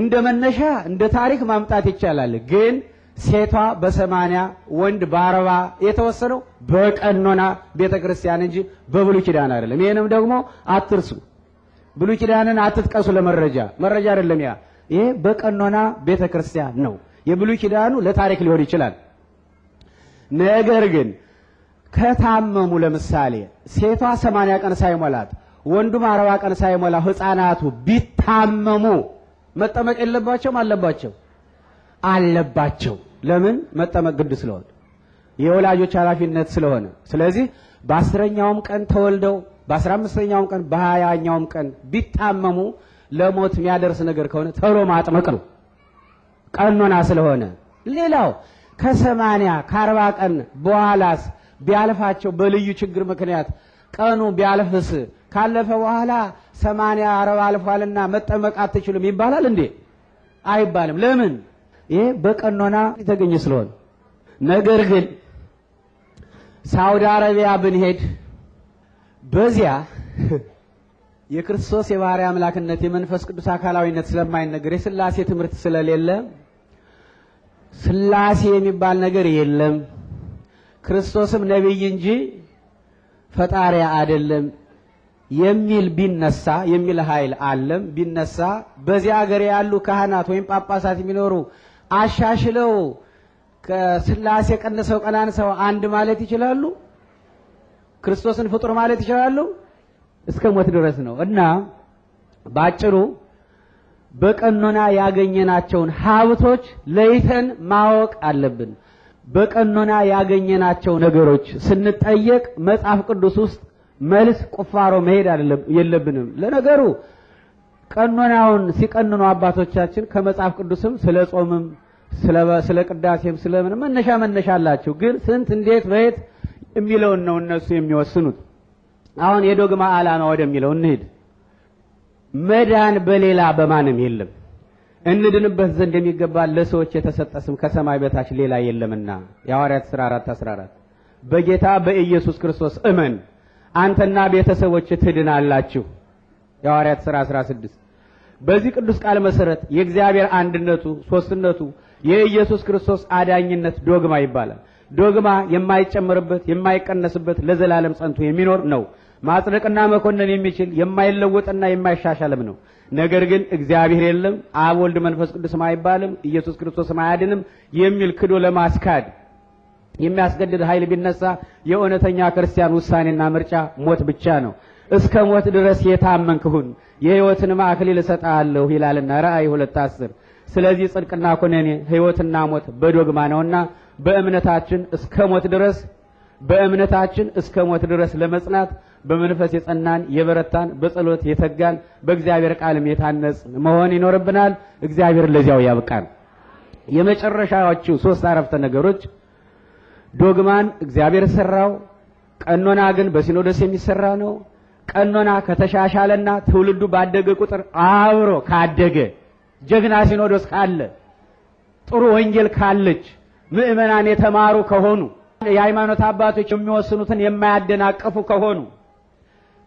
እንደ መነሻ እንደ ታሪክ ማምጣት ይቻላል። ግን ሴቷ በሰማንያ ወንድ በአርባ የተወሰነው በቀኖና ቤተ ክርስቲያን እንጂ በብሉይ ኪዳን አይደለም። ይህንም ደግሞ አትርሱ። ብሉይ ኪዳንን አትጥቀሱ ለመረጃ መረጃ አይደለም። ያ ይሄ በቀኖና ቤተ ክርስቲያን ነው። የብሉይ ኪዳኑ ለታሪክ ሊሆን ይችላል። ነገር ግን ከታመሙ ለምሳሌ ሴቷ ሰማንያ ቀን ሳይሞላት ወንዱም አርባ ቀን ሳይሞላው ህፃናቱ ቢታመሙ መጠመቅ የለባቸውም? አለባቸው አለባቸው። ለምን? መጠመቅ ግድ ስለሆነ የወላጆች ኃላፊነት ስለሆነ። ስለዚህ በአስረኛውም ቀን ተወልደው በአስራ አምስተኛውም ቀን በሀያኛውም ቀን ቢታመሙ ለሞት የሚያደርስ ነገር ከሆነ ተሎ ማጥመቅ ነው ቀኖና ስለሆነ ሌላው ከሰማንያ ከአርባ ቀን በኋላስ ቢያልፋቸው በልዩ ችግር ምክንያት ቀኑ ቢያልፍስ ካለፈ በኋላ ሰማንያ አረባ አልፏልና መጠመቅ አትችሉም ይባላል እንዴ? አይባልም። ለምን? ይሄ በቀኖና የተገኘ ስለሆነ። ነገር ግን ሳውዲ አረቢያ ብንሄድ በዚያ የክርስቶስ የባህሪ አምላክነት የመንፈስ ቅዱስ አካላዊነት ስለማይነገር የስላሴ ትምህርት ስለሌለ ስላሴ የሚባል ነገር የለም፣ ክርስቶስም ነቢይ እንጂ ፈጣሪያ አይደለም የሚል ቢነሳ የሚል ኃይል አለም ቢነሳ በዚህ አገር ያሉ ካህናት ወይም ጳጳሳት የሚኖሩ አሻሽለው ከስላሴ ቀንሰው ቀናንሰው አንድ ማለት ይችላሉ? ክርስቶስን ፍጡር ማለት ይችላሉ? እስከ ሞት ድረስ ነው እና በአጭሩ በቀኖና ያገኘናቸውን ሀብቶች ለይተን ማወቅ አለብን። በቀኖና ያገኘናቸው ነገሮች ስንጠየቅ መጽሐፍ ቅዱስ ውስጥ መልስ ቁፋሮ መሄድ የለብንም። ለነገሩ ቀኖናውን ሲቀንኑ አባቶቻችን ከመጽሐፍ ቅዱስም ስለ ጾምም ስለ ቅዳሴም ስለምን መነሻ መነሻ አላቸው። ግን ስንት፣ እንዴት፣ በየት የሚለውን ነው እነሱ የሚወስኑት። አሁን የዶግማ ዓላማ ወደሚለው እንሂድ። መዳን በሌላ በማንም የለም። እንድንበት ዘንድ የሚገባ ለሰዎች የተሰጠ ስም ከሰማይ በታች ሌላ የለምና የሐዋርያት ሥራ 14 በጌታ በኢየሱስ ክርስቶስ እመን አንተና ቤተሰቦች ትድናላችሁ። የሐዋርያት ሥራ 16 በዚህ ቅዱስ ቃል መሰረት የእግዚአብሔር አንድነቱ፣ ሶስትነቱ የኢየሱስ ክርስቶስ አዳኝነት ዶግማ ይባላል። ዶግማ የማይጨምርበት የማይቀነስበት ለዘላለም ጸንቶ የሚኖር ነው። ማጽደቅና መኮንን የሚችል የማይለወጥና የማይሻሻልም ነው። ነገር ግን እግዚአብሔር የለም፣ አብ ወልድ፣ መንፈስ ቅዱስም አይባልም፣ ኢየሱስ ክርስቶስም አያድንም የሚል ክዶ ለማስካድ የሚያስገድድ ኃይል ቢነሳ የእውነተኛ ክርስቲያን ውሳኔና ምርጫ ሞት ብቻ ነው። እስከ ሞት ድረስ የታመንክ ሁን የሕይወትንም እሰጥሃለሁ ይላልና ራእይ ሁለት አስር ስለዚህ ጽድቅና ኩነኔ ሕይወትና ሞት በዶግማ ነውና በእምነታችን እስከ ሞት ድረስ በእምነታችን እስከ ሞት ድረስ ለመጽናት በመንፈስ የጸናን የበረታን በጸሎት የተጋን በእግዚአብሔር ቃልም የታነጽ መሆን ይኖርብናል። እግዚአብሔር ለዚያው ያብቃን። የመጨረሻዎቹ ሶስት አረፍተ ነገሮች ዶግማን እግዚአብሔር ሰራው፣ ቀኖና ግን በሲኖዶስ የሚሰራ ነው። ቀኖና ከተሻሻለና ትውልዱ ባደገ ቁጥር አብሮ ካደገ ጀግና ሲኖዶስ ካለ ጥሩ ወንጌል ካለች ምእመናን የተማሩ ከሆኑ የሃይማኖት አባቶች የሚወስኑትን የማያደናቅፉ ከሆኑ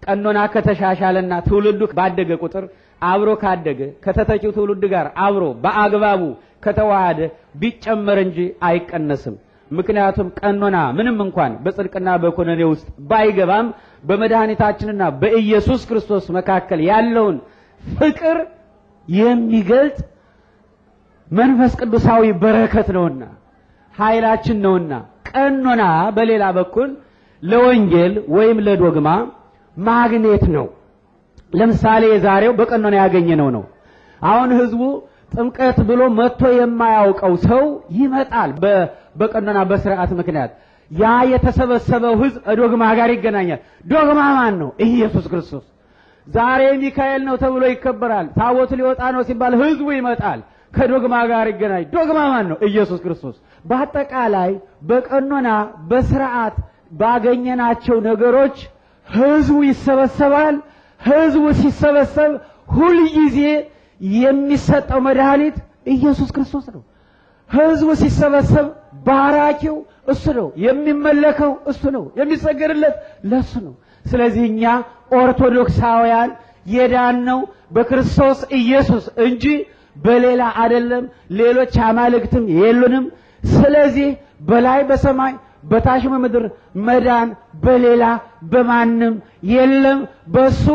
ቀኖና ከተሻሻለና ትውልዱ ባደገ ቁጥር አብሮ ካደገ ከተተኪው ትውልድ ጋር አብሮ በአግባቡ ከተዋሃደ ቢጨመር እንጂ አይቀነስም። ምክንያቱም ቀኖና ምንም እንኳን በጽድቅና በኮነኔ ውስጥ ባይገባም በመድኃኒታችንና በኢየሱስ ክርስቶስ መካከል ያለውን ፍቅር የሚገልጽ መንፈስ ቅዱሳዊ በረከት ነውና ኃይላችን ነውና ቀኖና በሌላ በኩል ለወንጌል ወይም ለዶግማ ማግኔት ነው። ለምሳሌ የዛሬው በቀኖና ያገኘነው ነው። አሁን ህዝቡ ጥምቀት ብሎ መጥቶ የማያውቀው ሰው ይመጣል። በቀኖና በስርዓት ምክንያት ያ የተሰበሰበው ህዝብ ዶግማ ጋር ይገናኛል። ዶግማ ማን ነው? ኢየሱስ ክርስቶስ። ዛሬ ሚካኤል ነው ተብሎ ይከበራል። ታቦቱ ሊወጣ ነው ሲባል ህዝቡ ይመጣል፣ ከዶግማ ጋር ይገናኝ። ዶግማ ማን ነው? ኢየሱስ ክርስቶስ። በአጠቃላይ በቀኖና በስርዓት ባገኘናቸው ነገሮች ህዝቡ ይሰበሰባል። ህዝቡ ሲሰበሰብ ሁልጊዜ የሚሰጠው መድኃኒት ኢየሱስ ክርስቶስ ነው። ህዝቡ ሲሰበሰብ ባራኪው እሱ ነው፣ የሚመለከው እሱ ነው፣ የሚሰገድለት ለእሱ ነው። ስለዚህ እኛ ኦርቶዶክሳውያን የዳነው በክርስቶስ ኢየሱስ እንጂ በሌላ አይደለም። ሌሎች አማልክትም የሉንም። ስለዚህ በላይ በሰማይ በታሽመ ምድር መዳን በሌላ በማንም የለም፣ በሱ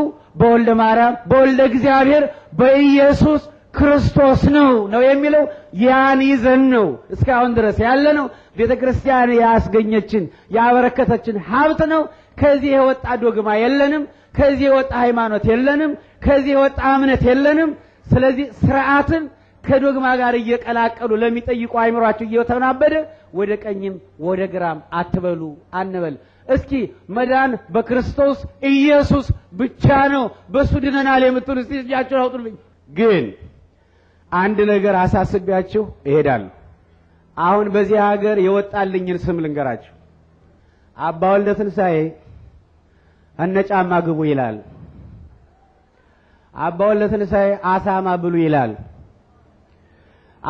በወልደ ማርያም በወልደ እግዚአብሔር በኢየሱስ ክርስቶስ ነው ነው የሚለው ያን ይዘን ነው እስካሁን ድረስ ያለ ነው። ቤተ ክርስቲያን ያስገኘችን ያበረከተችን ሀብት ነው። ከዚህ የወጣ ዶግማ የለንም። ከዚህ የወጣ ሃይማኖት የለንም። ከዚህ የወጣ እምነት የለንም። ስለዚህ ስርዓትን ከዶግማ ጋር እየቀላቀሉ ለሚጠይቁ አይምሯቸው እየተናበደ ወደ ቀኝም ወደ ግራም አትበሉ አንበል። እስኪ መዳን በክርስቶስ ኢየሱስ ብቻ ነው፣ በእሱ ድነናል የምትሉ እስቲ እጃችሁን አውጡልኝ። ግን አንድ ነገር አሳስቢያችሁ እሄዳለሁ። አሁን በዚህ ሀገር የወጣልኝን ስም ልንገራችሁ። አባ ወልደ ትንሣኤ እነ ጫማ ግቡ ይላል። አባ ወልደ ትንሣኤ አሳማ ብሉ ይላል።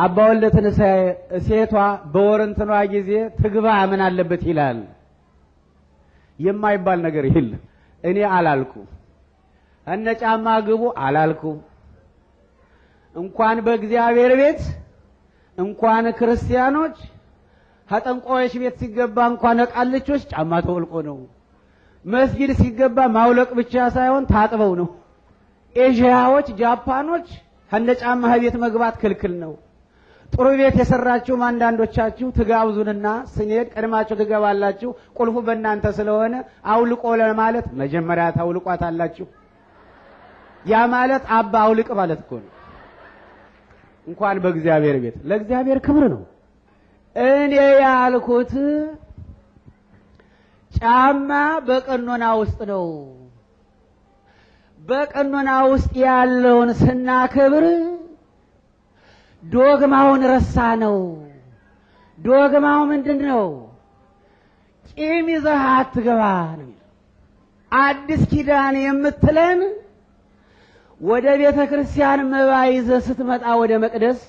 አባ ወልደ ትንሣኤ ሴቷ በወረንትኗ ጊዜ ትግባ ምን አለበት ይላል። የማይባል ነገር ይል እኔ አላልኩ እነ ጫማ ግቡ አላልኩ። እንኳን በእግዚአብሔር ቤት እንኳን ክርስቲያኖች ከጠንቋዮች ቤት ሲገባ እንኳን ቃልቾች ጫማ ተወልቆ ነው። መስጊድ ሲገባ ማውለቅ ብቻ ሳይሆን ታጥበው ነው። ኤዥያዎች፣ ጃፓኖች ከነ ጫማ ቤት መግባት ክልክል ነው። ጥሩ ቤት የሰራችሁም አንዳንዶቻችሁ ትጋብዙንና ስንሄድ ቀድማችሁ ትገባላችሁ። ቁልፉ በእናንተ ስለሆነ አውልቆ ለማለት መጀመሪያ ታውልቋት አላችሁ። ያ ማለት አባ አውልቅ ማለት እኮ ነው። እንኳን በእግዚአብሔር ቤት ለእግዚአብሔር ክብር ነው። እኔ ያልኩት ጫማ በቀኖና ውስጥ ነው። በቀኖና ውስጥ ያለውን ስናክብር ዶግማውን ረሳ ነው። ዶግማው ምንድን ነው? ቂም ይዘህ አትገባ ነው። አዲስ ኪዳን የምትለን ወደ ቤተ ክርስቲያን መባ ይዘህ ስትመጣ ወደ መቅደስ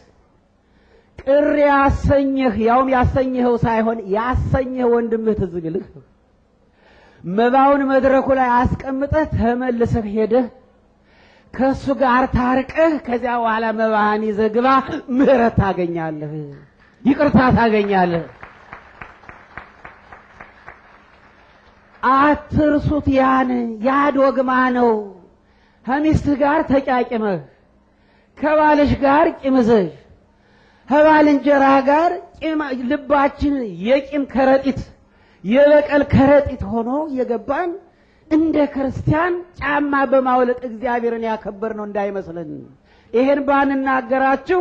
ቅር ያሰኘህ ያውም ያሰኘኸው ሳይሆን ያሰኘህ ወንድምህ ትዝግልህ መባውን መድረኩ ላይ አስቀምጠህ ተመልሰህ ሄደህ ከእሱ ጋር ታርቀህ ከዚያ በኋላ መባህን ይዘግባ ግባ። ታገኛለህ፣ ይቅርታ ታገኛለህ። አትርሱት ያን ያ ዶግማ ነው። ከሚስትህ ጋር ተጫጭመህ ከባልሽ ጋር ቂምዘሽ ከባልንጀራ ጋር ልባችን የቂም ከረጢት የበቀል ከረጢት ሆኖ የገባን እንደ ክርስቲያን ጫማ በማውለጥ እግዚአብሔርን ያከበር ነው እንዳይመስለን። ይሄን ባንናገራችሁ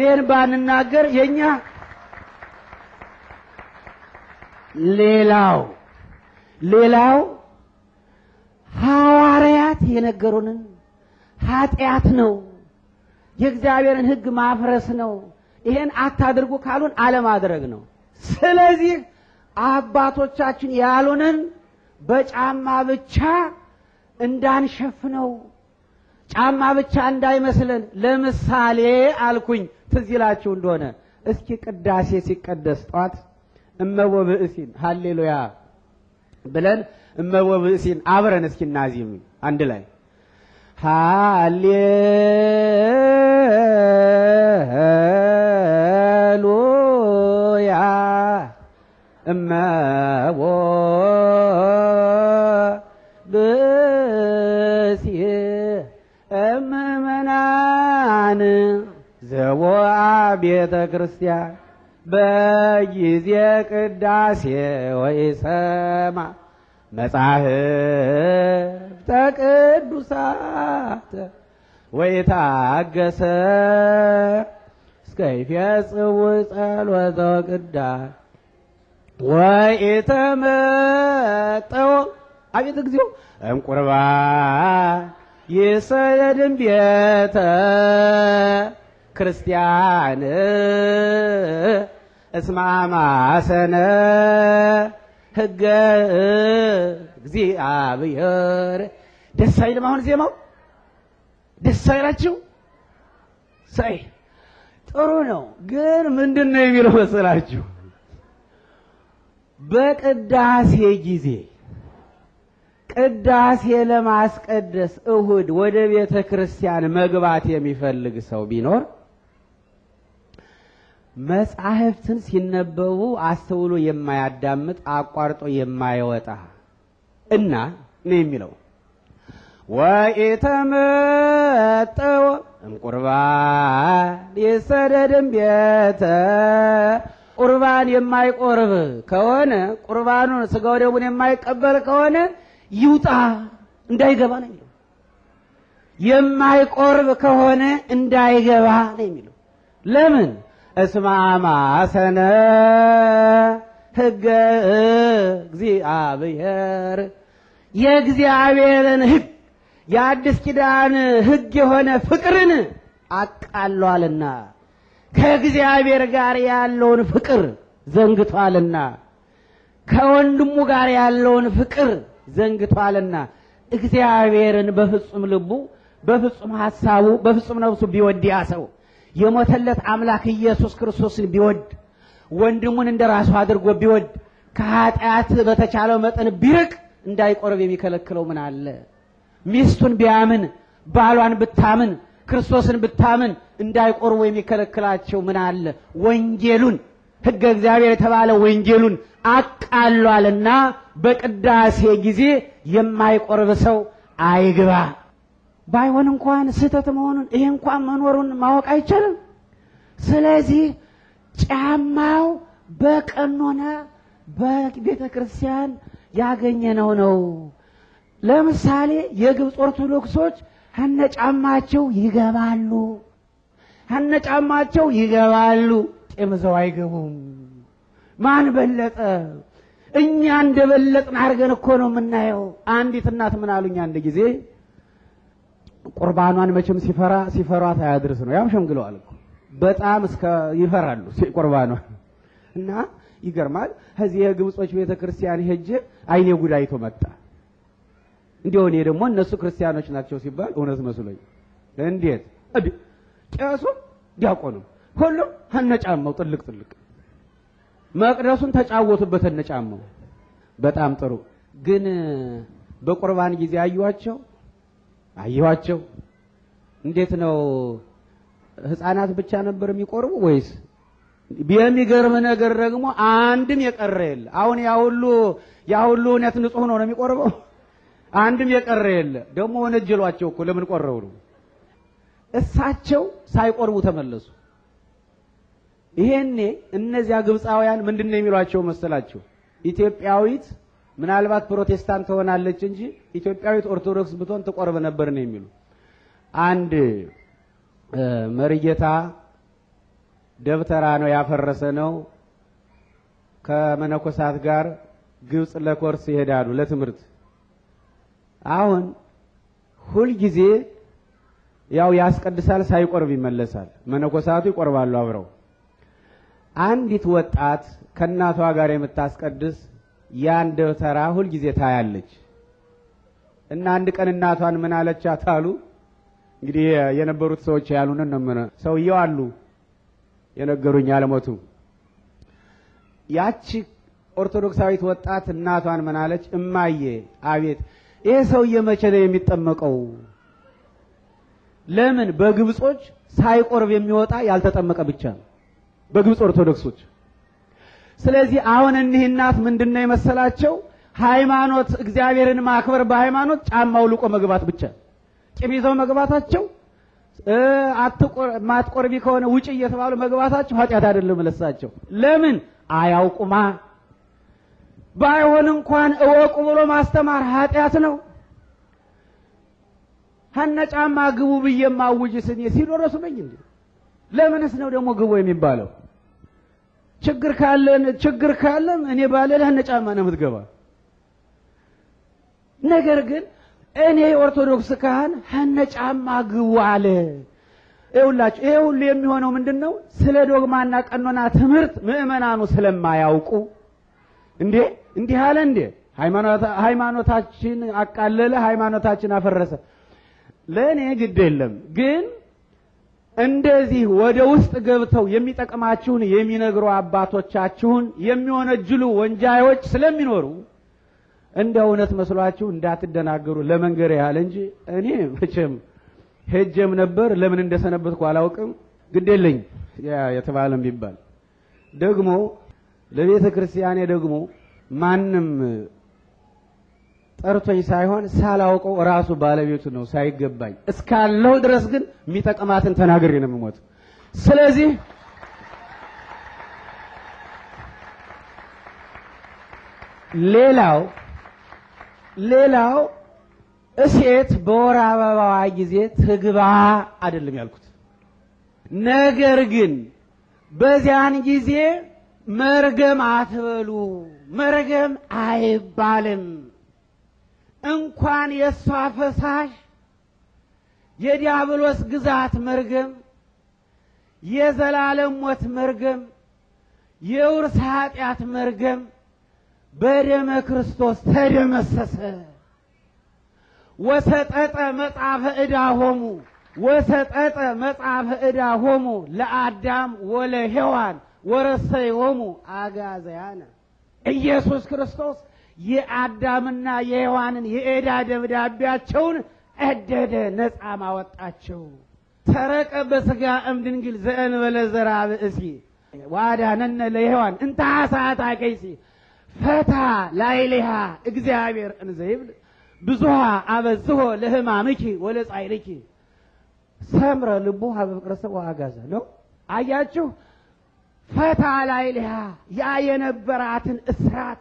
ይሄን ባንናገር የኛ ሌላው ሌላው ሐዋርያት የነገሩንን ኃጢአት ነው፣ የእግዚአብሔርን ሕግ ማፍረስ ነው። ይሄን አታድርጉ ካሉን አለማድረግ ነው። ስለዚህ አባቶቻችን ያሉንን በጫማ ብቻ እንዳንሸፍነው ጫማ ብቻ እንዳይመስለን። ለምሳሌ አልኩኝ ትዝ ይላችሁ እንደሆነ እስኪ ቅዳሴ ሲቀደስ ጧት እመወብእሲን ሃሌሉያ ብለን እመወብእሲን አብረን እስኪ እናዚም አንድ ላይ ሃሌሉያ እመ ቤተ ክርስቲያን በጊዜ ቅዳሴ ወይ ወይሰማ መጻሕፍተ ቅዱሳት ወይታገሰ እስከ ይፈጽው ጸሎተ ቅዳሴ ተመጠው አቤት እግዚኦ እምቁርባ ይሰየድን ቤተ ክርስቲያን እስማማሰነ ህገ እግዚአብሔር። ደስ አይልም? አሁን ዜማው ደስ አይላችሁ? ሳይ ጥሩ ነው፣ ግን ምንድን ነው የሚለው መሰላችሁ? በቅዳሴ ጊዜ ቅዳሴ ለማስቀደስ እሁድ ወደ ቤተ ክርስቲያን መግባት የሚፈልግ ሰው ቢኖር መጻሕፍትን ሲነበቡ አስተውሎ የማያዳምጥ አቋርጦ የማይወጣ እና ነው የሚለው ወኢተመጠወ እምቁርባን ይሰደድም ቤተ ቁርባን የማይቆርብ ከሆነ ቁርባኑን ስጋው ደሙን የማይቀበል ከሆነ ይውጣ እንዳይገባ ነው የሚለው። የማይቆርብ ከሆነ እንዳይገባ ነው የሚለው ለምን? እስማማሰነ ህገ እግዚአብሔር የእግዚአብሔርን ህግ የአዲስ ኪዳን ህግ የሆነ ፍቅርን አቃሏልና ከእግዚአብሔር ጋር ያለውን ፍቅር ዘንግቷልና ከወንድሙ ጋር ያለውን ፍቅር ዘንግቷልና እግዚአብሔርን በፍጹም ልቡ፣ በፍጹም ሐሳቡ፣ በፍጹም ነፍሱ ቢወድ ያ ሰው የሞተለት አምላክ ኢየሱስ ክርስቶስን ቢወድ ወንድሙን እንደ ራሱ አድርጎ ቢወድ ከኃጢአት በተቻለው መጠን ቢርቅ እንዳይቆርብ የሚከለክለው ምን አለ? ሚስቱን ቢያምን ባሏን ብታምን ክርስቶስን ብታምን እንዳይቆርቡ የሚከለክላቸው ምን አለ? ወንጌሉን ሕገ እግዚአብሔር የተባለ ወንጌሉን አቃሏልና በቅዳሴ ጊዜ የማይቆርብ ሰው አይግባ። ባይሆን እንኳን ስህተት መሆኑን ይህ እንኳን መኖሩን ማወቅ አይችልም? ስለዚህ ጫማው በቀኖና በቤተ ክርስቲያን ያገኘነው ነው። ለምሳሌ የግብፅ ኦርቶዶክሶች ሀነ ጫማቸው ይገባሉ፣ ሀነ ጫማቸው ይገባሉ። ጤምዘው አይገቡም። ማን በለጠ? እኛ እንደበለጥን አድርገን እኮ ነው የምናየው። አንዲት እናት ምን አሉኝ አንድ ጊዜ ቁርባኗን መቼም ሲፈራ ሲፈሯት አያድርስ ነው። ያው ሸምግለዋል እኮ በጣም እስከ ይፈራሉ ቁርባኗን እና ይገርማል። ከዚህ የግብጾች ቤተክርስቲያን ሄጄ አይኔ ጉዳይቶ መጣ። እንዲሁ እኔ ደግሞ እነሱ ክርስቲያኖች ናቸው ሲባል እውነት መስሎኝ እንዴት እዲ ቄሱም ዲያቆኑም ሁሉም አነጫመው ጥልቅ ጥልቅ መቅደሱን ተጫወቱበት አነጫመው። በጣም ጥሩ ግን በቁርባን ጊዜ አዩዋቸው አየኋቸው። እንዴት ነው ህፃናት ብቻ ነበር የሚቆርቡ ወይስ? የሚገርም ነገር ደግሞ አንድም የቀረ የለ። አሁን ያ ሁሉ ያ ሁሉ እውነት ንጹህ ነው ነው የሚቆርበው? አንድም የቀረ የለ። ደግሞ ወነጀሏቸው እኮ ለምን ቆረቡ ነው። እሳቸው ሳይቆርቡ ተመለሱ። ይሄኔ እነዚያ ግብፃውያን ምንድን ነው የሚሏቸው መሰላቸው ኢትዮጵያዊት ምናልባት ፕሮቴስታንት ትሆናለች እንጂ ኢትዮጵያዊት ኦርቶዶክስ ብትሆን ትቆርብ ነበር ነው የሚሉ አንድ መርጌታ ደብተራ ነው ያፈረሰ ነው ከመነኮሳት ጋር ግብፅ ለኮርስ ይሄዳሉ ለትምህርት። አሁን ሁልጊዜ ያው ያስቀድሳል፣ ሳይቆርብ ይመለሳል። መነኮሳቱ ይቆርባሉ አብረው። አንዲት ወጣት ከእናቷ ጋር የምታስቀድስ ያን ደብተራ ሁልጊዜ ታያለች እና አንድ ቀን እናቷን ምን አለቻት አሉ እንግዲህ የነበሩት ሰዎች ያሉንን ነው። ሰውየው አሉ የነገሩኝ አለሞቱ ያቺ ኦርቶዶክሳዊት ወጣት እናቷን ምን አለች? እማዬ፣ አቤት። ይሄ ሰውዬ መቼ ነው የሚጠመቀው? ለምን በግብጾች ሳይቆርብ የሚወጣ ያልተጠመቀ ብቻ ነው፣ በግብጽ ኦርቶዶክሶች ስለዚህ አሁን እኒህ እናት ምንድን ነው የመሰላቸው ሃይማኖት፣ እግዚአብሔርን ማክበር በሃይማኖት ጫማው ልቆ መግባት ብቻ ቂም ይዘው መግባታቸው ማትቆርቢ ከሆነ ውጪ እየተባሉ መግባታቸው ኃጢአት አይደለም ለሳቸው። ለምን አያውቁማ። ባይሆን እንኳን እወቁ ብሎ ማስተማር ኃጢአት ነው። ሀነ ጫማ ግቡ ብዬ ማውጅ ስኔ ሲኖረሱ ነኝ እንዴ? ለምንስ ነው ደግሞ ግቡ የሚባለው? ችግር ካለ ችግር ካለ እኔ ባለልህ እነ ጫማ ነው የምትገባ። ነገር ግን እኔ ኦርቶዶክስ ካህን እነ ጫማ ግቡ አለ። ይሄ ሁሉ የሚሆነው ምንድን ነው? ስለ ዶግማና ቀኖና ትምህርት ምእመናኑ ስለማያውቁ። እንዴ እንዲህ አለ እንዴ ሃይማኖታችን አቃለለ፣ ሃይማኖታችን አፈረሰ። ለእኔ ግድ የለም ግን እንደዚህ ወደ ውስጥ ገብተው የሚጠቅማችሁን የሚነግሩ አባቶቻችሁን የሚወነጅሉ ወንጃዮች ስለሚኖሩ እንደ እውነት መስሏችሁ እንዳትደናገሩ ለመንገር ያህል እንጂ እኔ መቼም ሄጀም ነበር። ለምን እንደሰነበትኩ አላውቅም። ግዴለኝ የተባለም ቢባል ደግሞ ለቤተ ክርስቲያኔ ደግሞ ማንም ጠርቶኝ ሳይሆን ሳላውቀው ራሱ ባለቤቱ ነው ሳይገባኝ እስካለው ድረስ ግን የሚጠቅማትን ተናግሬ ነው የምሞት። ስለዚህ ሌላው ሌላው እሴት በወር አበባዋ ጊዜ ትግባ አይደለም ያልኩት። ነገር ግን በዚያን ጊዜ መርገም አትበሉ፣ መርገም አይባልም። እንኳን የእሷ ፈሳሽ የዲያብሎስ ግዛት መርገም፣ የዘላለም ሞት መርገም፣ የውርስ ኃጢአት መርገም በደመ ክርስቶስ ተደመሰሰ። ወሰጠጠ መጻፈ ዕዳ ሆሙ ወሰጠጠ መጻፈ ዕዳ ሆሙ ለአዳም ወለሔዋን ወረሰይ ሆሙ አጋዘያነ ኢየሱስ ክርስቶስ የአዳምና የሔዋንን የዕዳ ደብዳቤያቸውን እደደ ነፃ ማወጣቸው። ተረቀ በስጋ እምድንግል ዘእንበለ ዘራ ብእሲ ዋዳነነ ለሔዋን እንተ ከይሲ ፈታ ላይሊሃ እግዚአብሔር እንዘይብል ብዙሃ አበዝሆ ለህማምኪ ወለጻይልኪ ሰምረ ልቡ ሀበፍቅረሰብ ዋጋዘ ነው። አያችሁ ፈታ ላይሊሃ ያ የነበራትን እስራት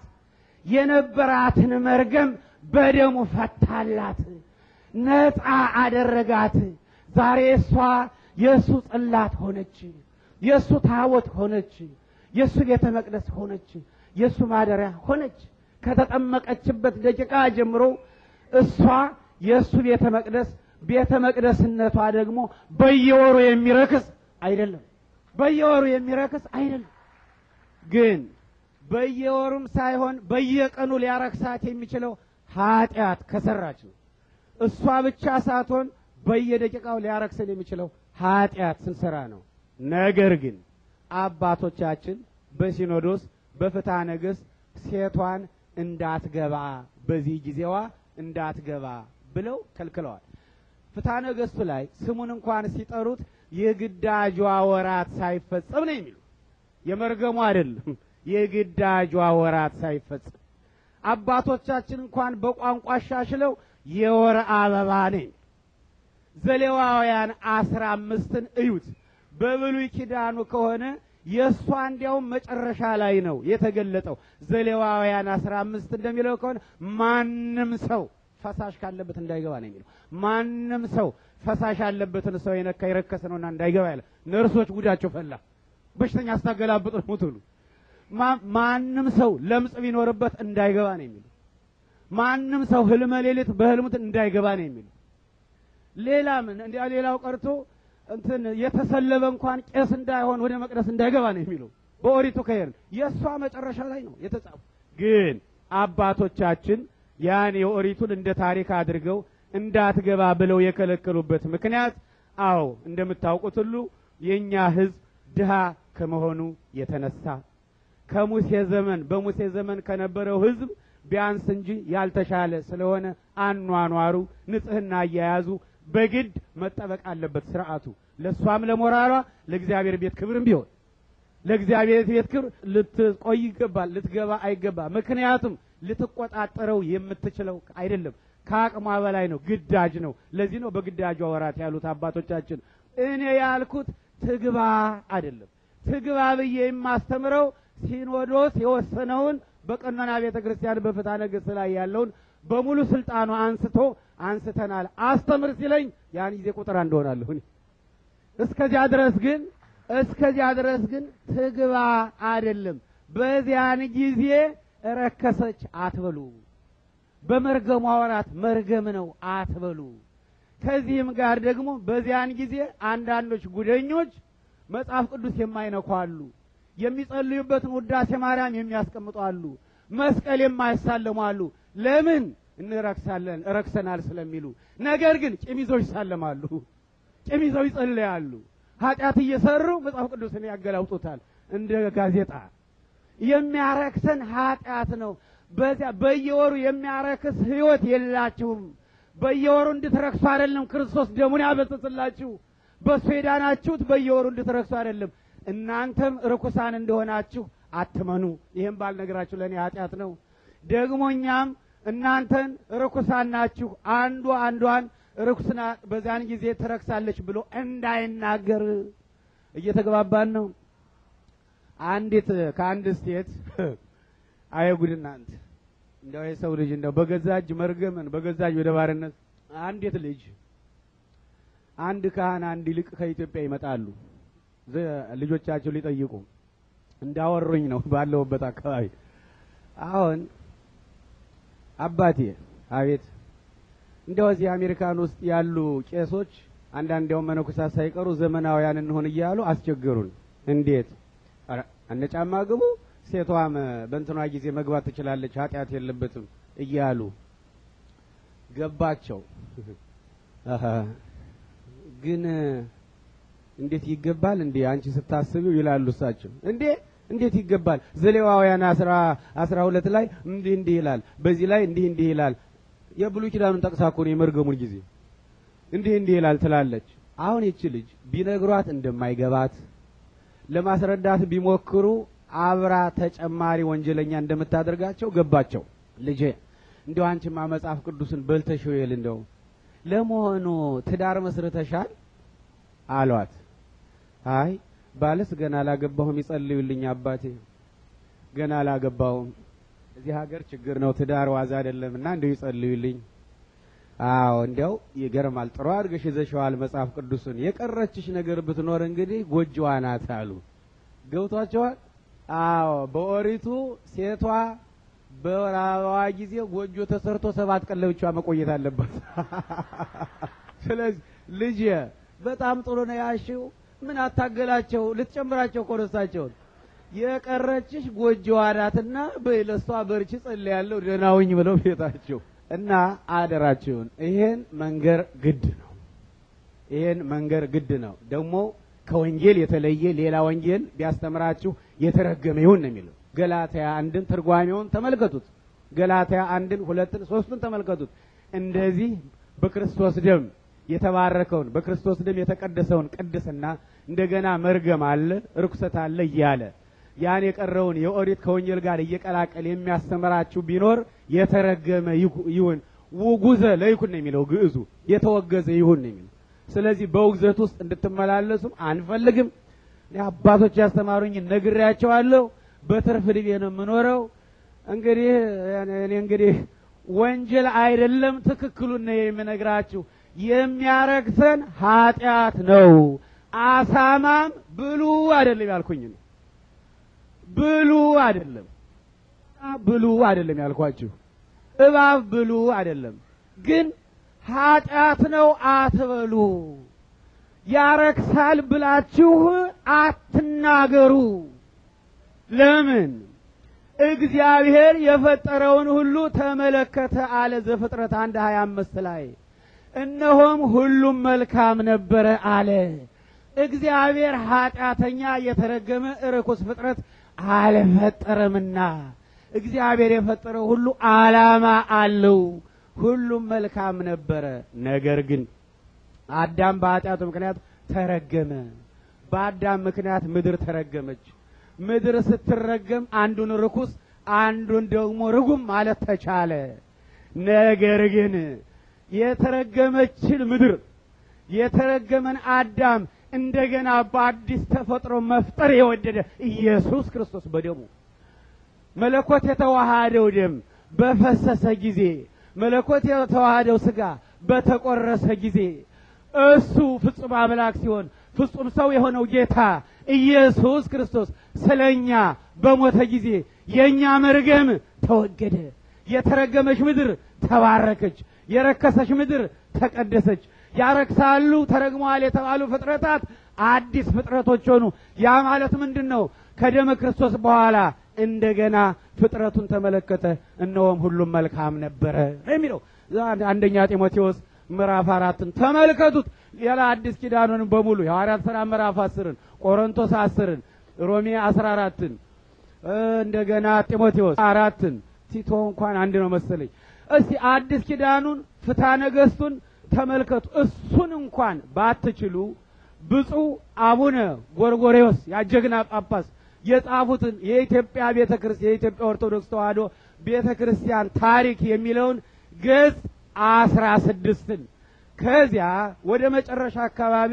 የነበራትን መርገም በደሙ ፈታላት፣ ነፃ አደረጋት። ዛሬ እሷ የእሱ ጽላት ሆነች፣ የእሱ ታቦት ሆነች፣ የእሱ ቤተ መቅደስ ሆነች፣ የእሱ ማደሪያ ሆነች። ከተጠመቀችበት ደቂቃ ጀምሮ እሷ የእሱ ቤተ መቅደስ፣ ቤተ መቅደስነቷ ደግሞ በየወሩ የሚረክስ አይደለም፣ በየወሩ የሚረክስ አይደለም ግን በየወሩም ሳይሆን በየቀኑ ሊያረክሳት የሚችለው ኃጢአት ከሰራች ነው። እሷ ብቻ ሳትሆን በየደቂቃው ሊያረክሰን የሚችለው ኃጢአት ስንሰራ ነው። ነገር ግን አባቶቻችን በሲኖዶስ በፍትሐ ነገሥት ሴቷን እንዳትገባ በዚህ ጊዜዋ እንዳትገባ ብለው ከልክለዋል። ፍትሐ ነገሥቱ ላይ ስሙን እንኳን ሲጠሩት የግዳጇ ወራት ሳይፈጸም ነው የሚሉ የመርገሙ አይደለም የግዳጇ ወራት ሳይፈጽም አባቶቻችን እንኳን በቋንቋ አሻሽለው የወር አበባ ነኝ። ዘሌዋውያን አስራ አምስትን እዩት። በብሉይ ኪዳኑ ከሆነ የእሷ እንዲያውም መጨረሻ ላይ ነው የተገለጠው። ዘሌዋውያን አስራ አምስት እንደሚለው ከሆነ ማንም ሰው ፈሳሽ ካለበት እንዳይገባ ነው የሚለው። ማንም ሰው ፈሳሽ ያለበትን ሰው የነካ የረከሰ ነውና እንዳይገባ ያለ ነርሶች ጉዳቸው ፈላ። በሽተኛ አስታገላብጥ ነው ማንም ሰው ለምጽ ቢኖርበት እንዳይገባ ነው የሚሉ ማንም ሰው ህልመ ሌሊት በህልሙት እንዳይገባ ነው የሚሉ ሌላ ምን እንዲያ ሌላው ቀርቶ እንትን የተሰለበ እንኳን ቄስ እንዳይሆን ወደ መቅደስ እንዳይገባ ነው የሚሉ በኦሪቱ ከሄድን የእሷ መጨረሻ ላይ ነው የተጻፉ። ግን አባቶቻችን ያን የኦሪቱን እንደ ታሪክ አድርገው እንዳትገባ ብለው የከለከሉበት ምክንያት አዎ እንደምታውቁት ሁሉ የእኛ ህዝብ ድሃ ከመሆኑ የተነሳ ከሙሴ ዘመን በሙሴ ዘመን ከነበረው ህዝብ ቢያንስ እንጂ ያልተሻለ ስለሆነ አኗኗሩ፣ ንጽህና አያያዙ በግድ መጠበቅ አለበት ስርዓቱ። ለእሷም ለሞራሏ ለእግዚአብሔር ቤት ክብርም ቢሆን ለእግዚአብሔር ቤት ክብር ልትቆይ ይገባል፣ ልትገባ አይገባ። ምክንያቱም ልትቆጣጠረው የምትችለው አይደለም፣ ከአቅሟ በላይ ነው፣ ግዳጅ ነው። ለዚህ ነው በግዳጇ ወራት ያሉት አባቶቻችን። እኔ ያልኩት ትግባ አይደለም። ትግባ ብዬ የማስተምረው ሲኖዶስ የወሰነውን በቀኖና ቤተ ክርስቲያን በፍትሐ ነገሥት ላይ ያለውን በሙሉ ስልጣኑ አንስቶ አንስተናል አስተምር ሲለኝ ያን ጊዜ ቁጥር አንድ ሆናለሁ። እስከዚያ ድረስ ግን እስከዚያ ድረስ ግን ትግባ አይደለም። በዚያን ጊዜ ረከሰች አትበሉ። በመርገሟ ወራት መርገም ነው አትበሉ። ከዚህም ጋር ደግሞ በዚያን ጊዜ አንዳንዶች ጉደኞች መጽሐፍ ቅዱስ የማይነኳሉ የሚጸልዩበትን ውዳሴ ማርያም የሚያስቀምጡ አሉ። መስቀል የማይሳለሙ አሉ። ለምን እንረክሳለን ረክሰናል ስለሚሉ። ነገር ግን ጭም ይዘው ይሳለማሉ፣ ጭም ይዘው ይጸልያሉ። ኃጢአት እየሰሩ መጽሐፍ ቅዱስን ያገላውጡታል እንደ ጋዜጣ። የሚያረክሰን ኃጢአት ነው። በዚያ በየወሩ የሚያረክስ ህይወት የላችሁም። በየወሩ እንድትረክሱ አይደለም ክርስቶስ ደሙን ያበሰስላችሁ በሱ የዳናችሁት በየወሩ እንድትረክሱ አይደለም። እናንተም ርኩሳን እንደሆናችሁ አትመኑ። ይህም ባልነገራችሁ ለእኔ ኃጢአት ነው። ደግሞ እኛም እናንተን ርኩሳን ናችሁ፣ አንዱ አንዷን ርኩስና በዚያን ጊዜ ትረክሳለች ብሎ እንዳይናገር እየተግባባን ነው። አንዲት ከአንድ ስቴት አየ ጉድ እናንተ እንደው የሰው ልጅ እንደው በገዛ እጅ መርገምን በገዛ እጅ ወደ ባርነት አንዲት ልጅ አንድ ካህን አንድ ሊቅ ከኢትዮጵያ ይመጣሉ። ልጆቻቸው ሊጠይቁ እንዳወሩኝ ነው ባለውበት አካባቢ። አሁን አባቴ አቤት እንደው እዚህ አሜሪካን ውስጥ ያሉ ቄሶች አንዳንድ ያው መነኮሳት ሳይቀሩ ዘመናውያን እንሆን እያሉ አስቸገሩን። እንዴት እነጫማ ግቡ ሴቷም በእንትኗ ጊዜ መግባት ትችላለች፣ ኃጢአት የለበትም እያሉ ገባቸው። ግን እንዴት ይገባል እንዴ አንቺ ስታስቢው ይላሉ እሳቸው እንዴ እንዴት ይገባል ዘሌዋውያን አስራ ሁለት ላይ እንዲህ እንዲህ ይላል በዚህ ላይ እንዲህ እንዲህ ይላል የብሉይ ኪዳኑን ጠቅሳ እኮ ነው የመርገሙን ጊዜ እንዲህ እንዲህ ይላል ትላለች አሁን ይቺ ልጅ ቢነግሯት እንደማይገባት ለማስረዳት ቢሞክሩ አብራ ተጨማሪ ወንጀለኛ እንደምታደርጋቸው ገባቸው ልጄ እንዲያው አንቺማ መጽሐፍ ቅዱስን በልተሽው ይል እንደው ለመሆኑ ትዳር መስርተሻል አሏት አይ ባልስ ገና አላገባሁም፣ ይጸልዩልኝ አባቴ፣ ገና አላገባሁም፣ እዚህ ሀገር ችግር ነው፣ ትዳር ዋዛ አይደለም እና እንደው ይጸልዩልኝ። አዎ እንዲያው ይገርማል፣ ጥሩ አድርገሽ ይዘሽዋል መጽሐፍ ቅዱስን። የቀረችሽ ነገር ብትኖር እንግዲህ ጎጆዋ ናት አሉ። ገብቷቸዋል? አዎ በኦሪቱ ሴቷ በራዋ ጊዜ ጎጆ ተሰርቶ ሰባት ቀን ለብቻዋ መቆየት አለባት። ስለዚህ ልጄ በጣም ጥሩ ነው ያሽው ምን አታገላቸው? ልትጨምራቸው ኮረሳቸውን የቀረችሽ ጎጆዋ ናትና በይ ለእሷ በርቺ፣ ጸልያለሁ፣ ደህና ሁኝ ብለው ቤታቸው እና አደራችሁን። ይሄን መንገር ግድ ነው። ይሄን መንገር ግድ ነው። ደግሞ ከወንጌል የተለየ ሌላ ወንጌል ቢያስተምራችሁ የተረገመ ይሁን ነው የሚለው። ገላትያ አንድን ትርጓሜውን ተመልከቱት። ገላትያ አንድን፣ ሁለትን፣ ሶስቱን ተመልከቱት። እንደዚህ በክርስቶስ ደም የተባረከውን በክርስቶስ ደም የተቀደሰውን ቅድስና እንደገና መርገም አለ፣ ርኩሰት አለ እያለ ያን የቀረውን የኦሪት ከወንጌል ጋር እየቀላቀል የሚያስተምራችሁ ቢኖር የተረገመ ይሁን። ውጉዘ ለይኩን ነው የሚለው ግዕዙ፣ የተወገዘ ይሁን ነው የሚለው። ስለዚህ በውግዘት ውስጥ እንድትመላለሱም አንፈልግም። አባቶች ያስተማሩኝ ነግሬያቸዋለሁ። በትርፍ ልቤ ነው የምኖረው። እንግዲህ እኔ እንግዲህ ወንጀል አይደለም ትክክሉን ነው የምነግራችሁ። የሚያረክሰን ኃጢአት ነው። አሳማም ብሉ አይደለም ያልኩኝ ነው። ብሉ አይደለም ብሉ አይደለም ያልኳችሁ፣ እባብ ብሉ አይደለም ግን ኃጢአት ነው አትበሉ። ያረክሳል ብላችሁ አትናገሩ። ለምን? እግዚአብሔር የፈጠረውን ሁሉ ተመለከተ አለ ዘፍጥረት አንድ ሀያ አምስት ላይ እነሆም ሁሉም መልካም ነበረ አለ። እግዚአብሔር ኃጢአተኛ የተረገመ ርኩስ ፍጥረት አልፈጠረምና እግዚአብሔር የፈጠረው ሁሉ ዓላማ አለው። ሁሉም መልካም ነበረ። ነገር ግን አዳም በኃጢአቱ ምክንያት ተረገመ። በአዳም ምክንያት ምድር ተረገመች። ምድር ስትረገም አንዱን ርኩስ አንዱን ደግሞ ርጉም ማለት ተቻለ። ነገር ግን የተረገመችን ምድር የተረገመን አዳም እንደገና በአዲስ ተፈጥሮ መፍጠር የወደደ ኢየሱስ ክርስቶስ በደሙ መለኮት የተዋሃደው ደም በፈሰሰ ጊዜ መለኮት የተዋሃደው ስጋ በተቆረሰ ጊዜ እሱ ፍጹም አምላክ ሲሆን ፍጹም ሰው የሆነው ጌታ ኢየሱስ ክርስቶስ ስለኛ በሞተ ጊዜ የእኛ መርገም ተወገደ። የተረገመች ምድር ተባረከች። የረከሰች ምድር ተቀደሰች። ያረክሳሉ፣ ተረግመዋል የተባሉ ፍጥረታት አዲስ ፍጥረቶች ሆኑ። ያ ማለት ምንድን ነው? ከደመ ክርስቶስ በኋላ እንደገና ፍጥረቱን ተመለከተ፣ እነሆም ሁሉም መልካም ነበረ የሚለው አንደኛ ጢሞቴዎስ ምዕራፍ አራትን ተመልከቱት። ሌላ አዲስ ኪዳኑን በሙሉ የሐዋርያት ሥራ ምዕራፍ አስርን ቆሮንቶስ አስርን ሮሜ አስራ አራትን እንደገና ጢሞቴዎስ አራትን ቲቶ እንኳን አንድ ነው መሰለኝ እስቲ አዲስ ኪዳኑን ፍትሐ ነገሥቱን ተመልከቱ። እሱን እንኳን ባትችሉ ብፁዕ አቡነ ጎርጎሬዎስ ያጀግና ጳጳስ የጻፉትን የኢትዮጵያ ቤተ ክርስቲያን የኢትዮጵያ ኦርቶዶክስ ተዋሕዶ ቤተ ክርስቲያን ታሪክ የሚለውን ገጽ አስራ ስድስትን ከዚያ ወደ መጨረሻ አካባቢ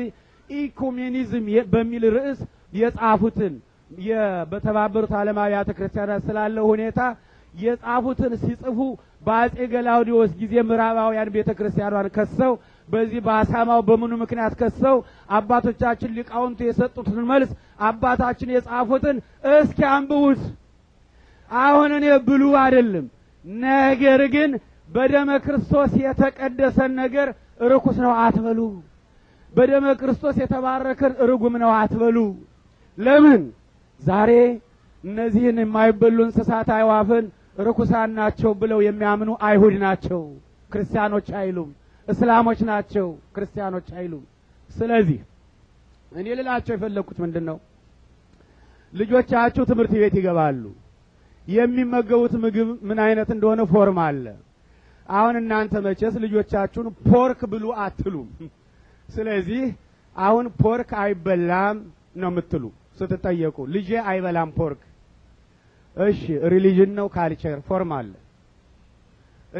ኢኩሜኒዝም በሚል ርዕስ የጻፉትን በተባበሩት ዓለም አብያተ ክርስቲያናት ስላለው ሁኔታ የጻፉትን ሲጽፉ በአጼ ገላውዲዎስ ጊዜ ምዕራባውያን ቤተ ክርስቲያኗን ከሰው በዚህ በአሳማው በምኑ ምክንያት ከሰው አባቶቻችን ሊቃውንቱ የሰጡትን መልስ አባታችን የጻፉትን እስኪ አንብቡት። አሁን እኔ ብሉ አይደለም፣ ነገር ግን በደመ ክርስቶስ የተቀደሰን ነገር ርኩስ ነው አትበሉ። በደመ ክርስቶስ የተባረከን ርጉም ነው አትበሉ። ለምን ዛሬ እነዚህን የማይበሉ እንስሳት አይዋፍን ርኩሳን ናቸው ብለው የሚያምኑ አይሁድ ናቸው፣ ክርስቲያኖች አይሉም። እስላሞች ናቸው፣ ክርስቲያኖች አይሉም። ስለዚህ እኔ ልላቸው የፈለግኩት ምንድን ነው፣ ልጆቻችሁ ትምህርት ቤት ይገባሉ። የሚመገቡት ምግብ ምን አይነት እንደሆነ ፎርም አለ። አሁን እናንተ መቼስ ልጆቻችሁን ፖርክ ብሉ አትሉም። ስለዚህ አሁን ፖርክ አይበላም ነው የምትሉ ስትጠየቁ፣ ልጄ አይበላም ፖርክ እሺ ሪሊጅን ነው ካልቸር ፎርም አለ።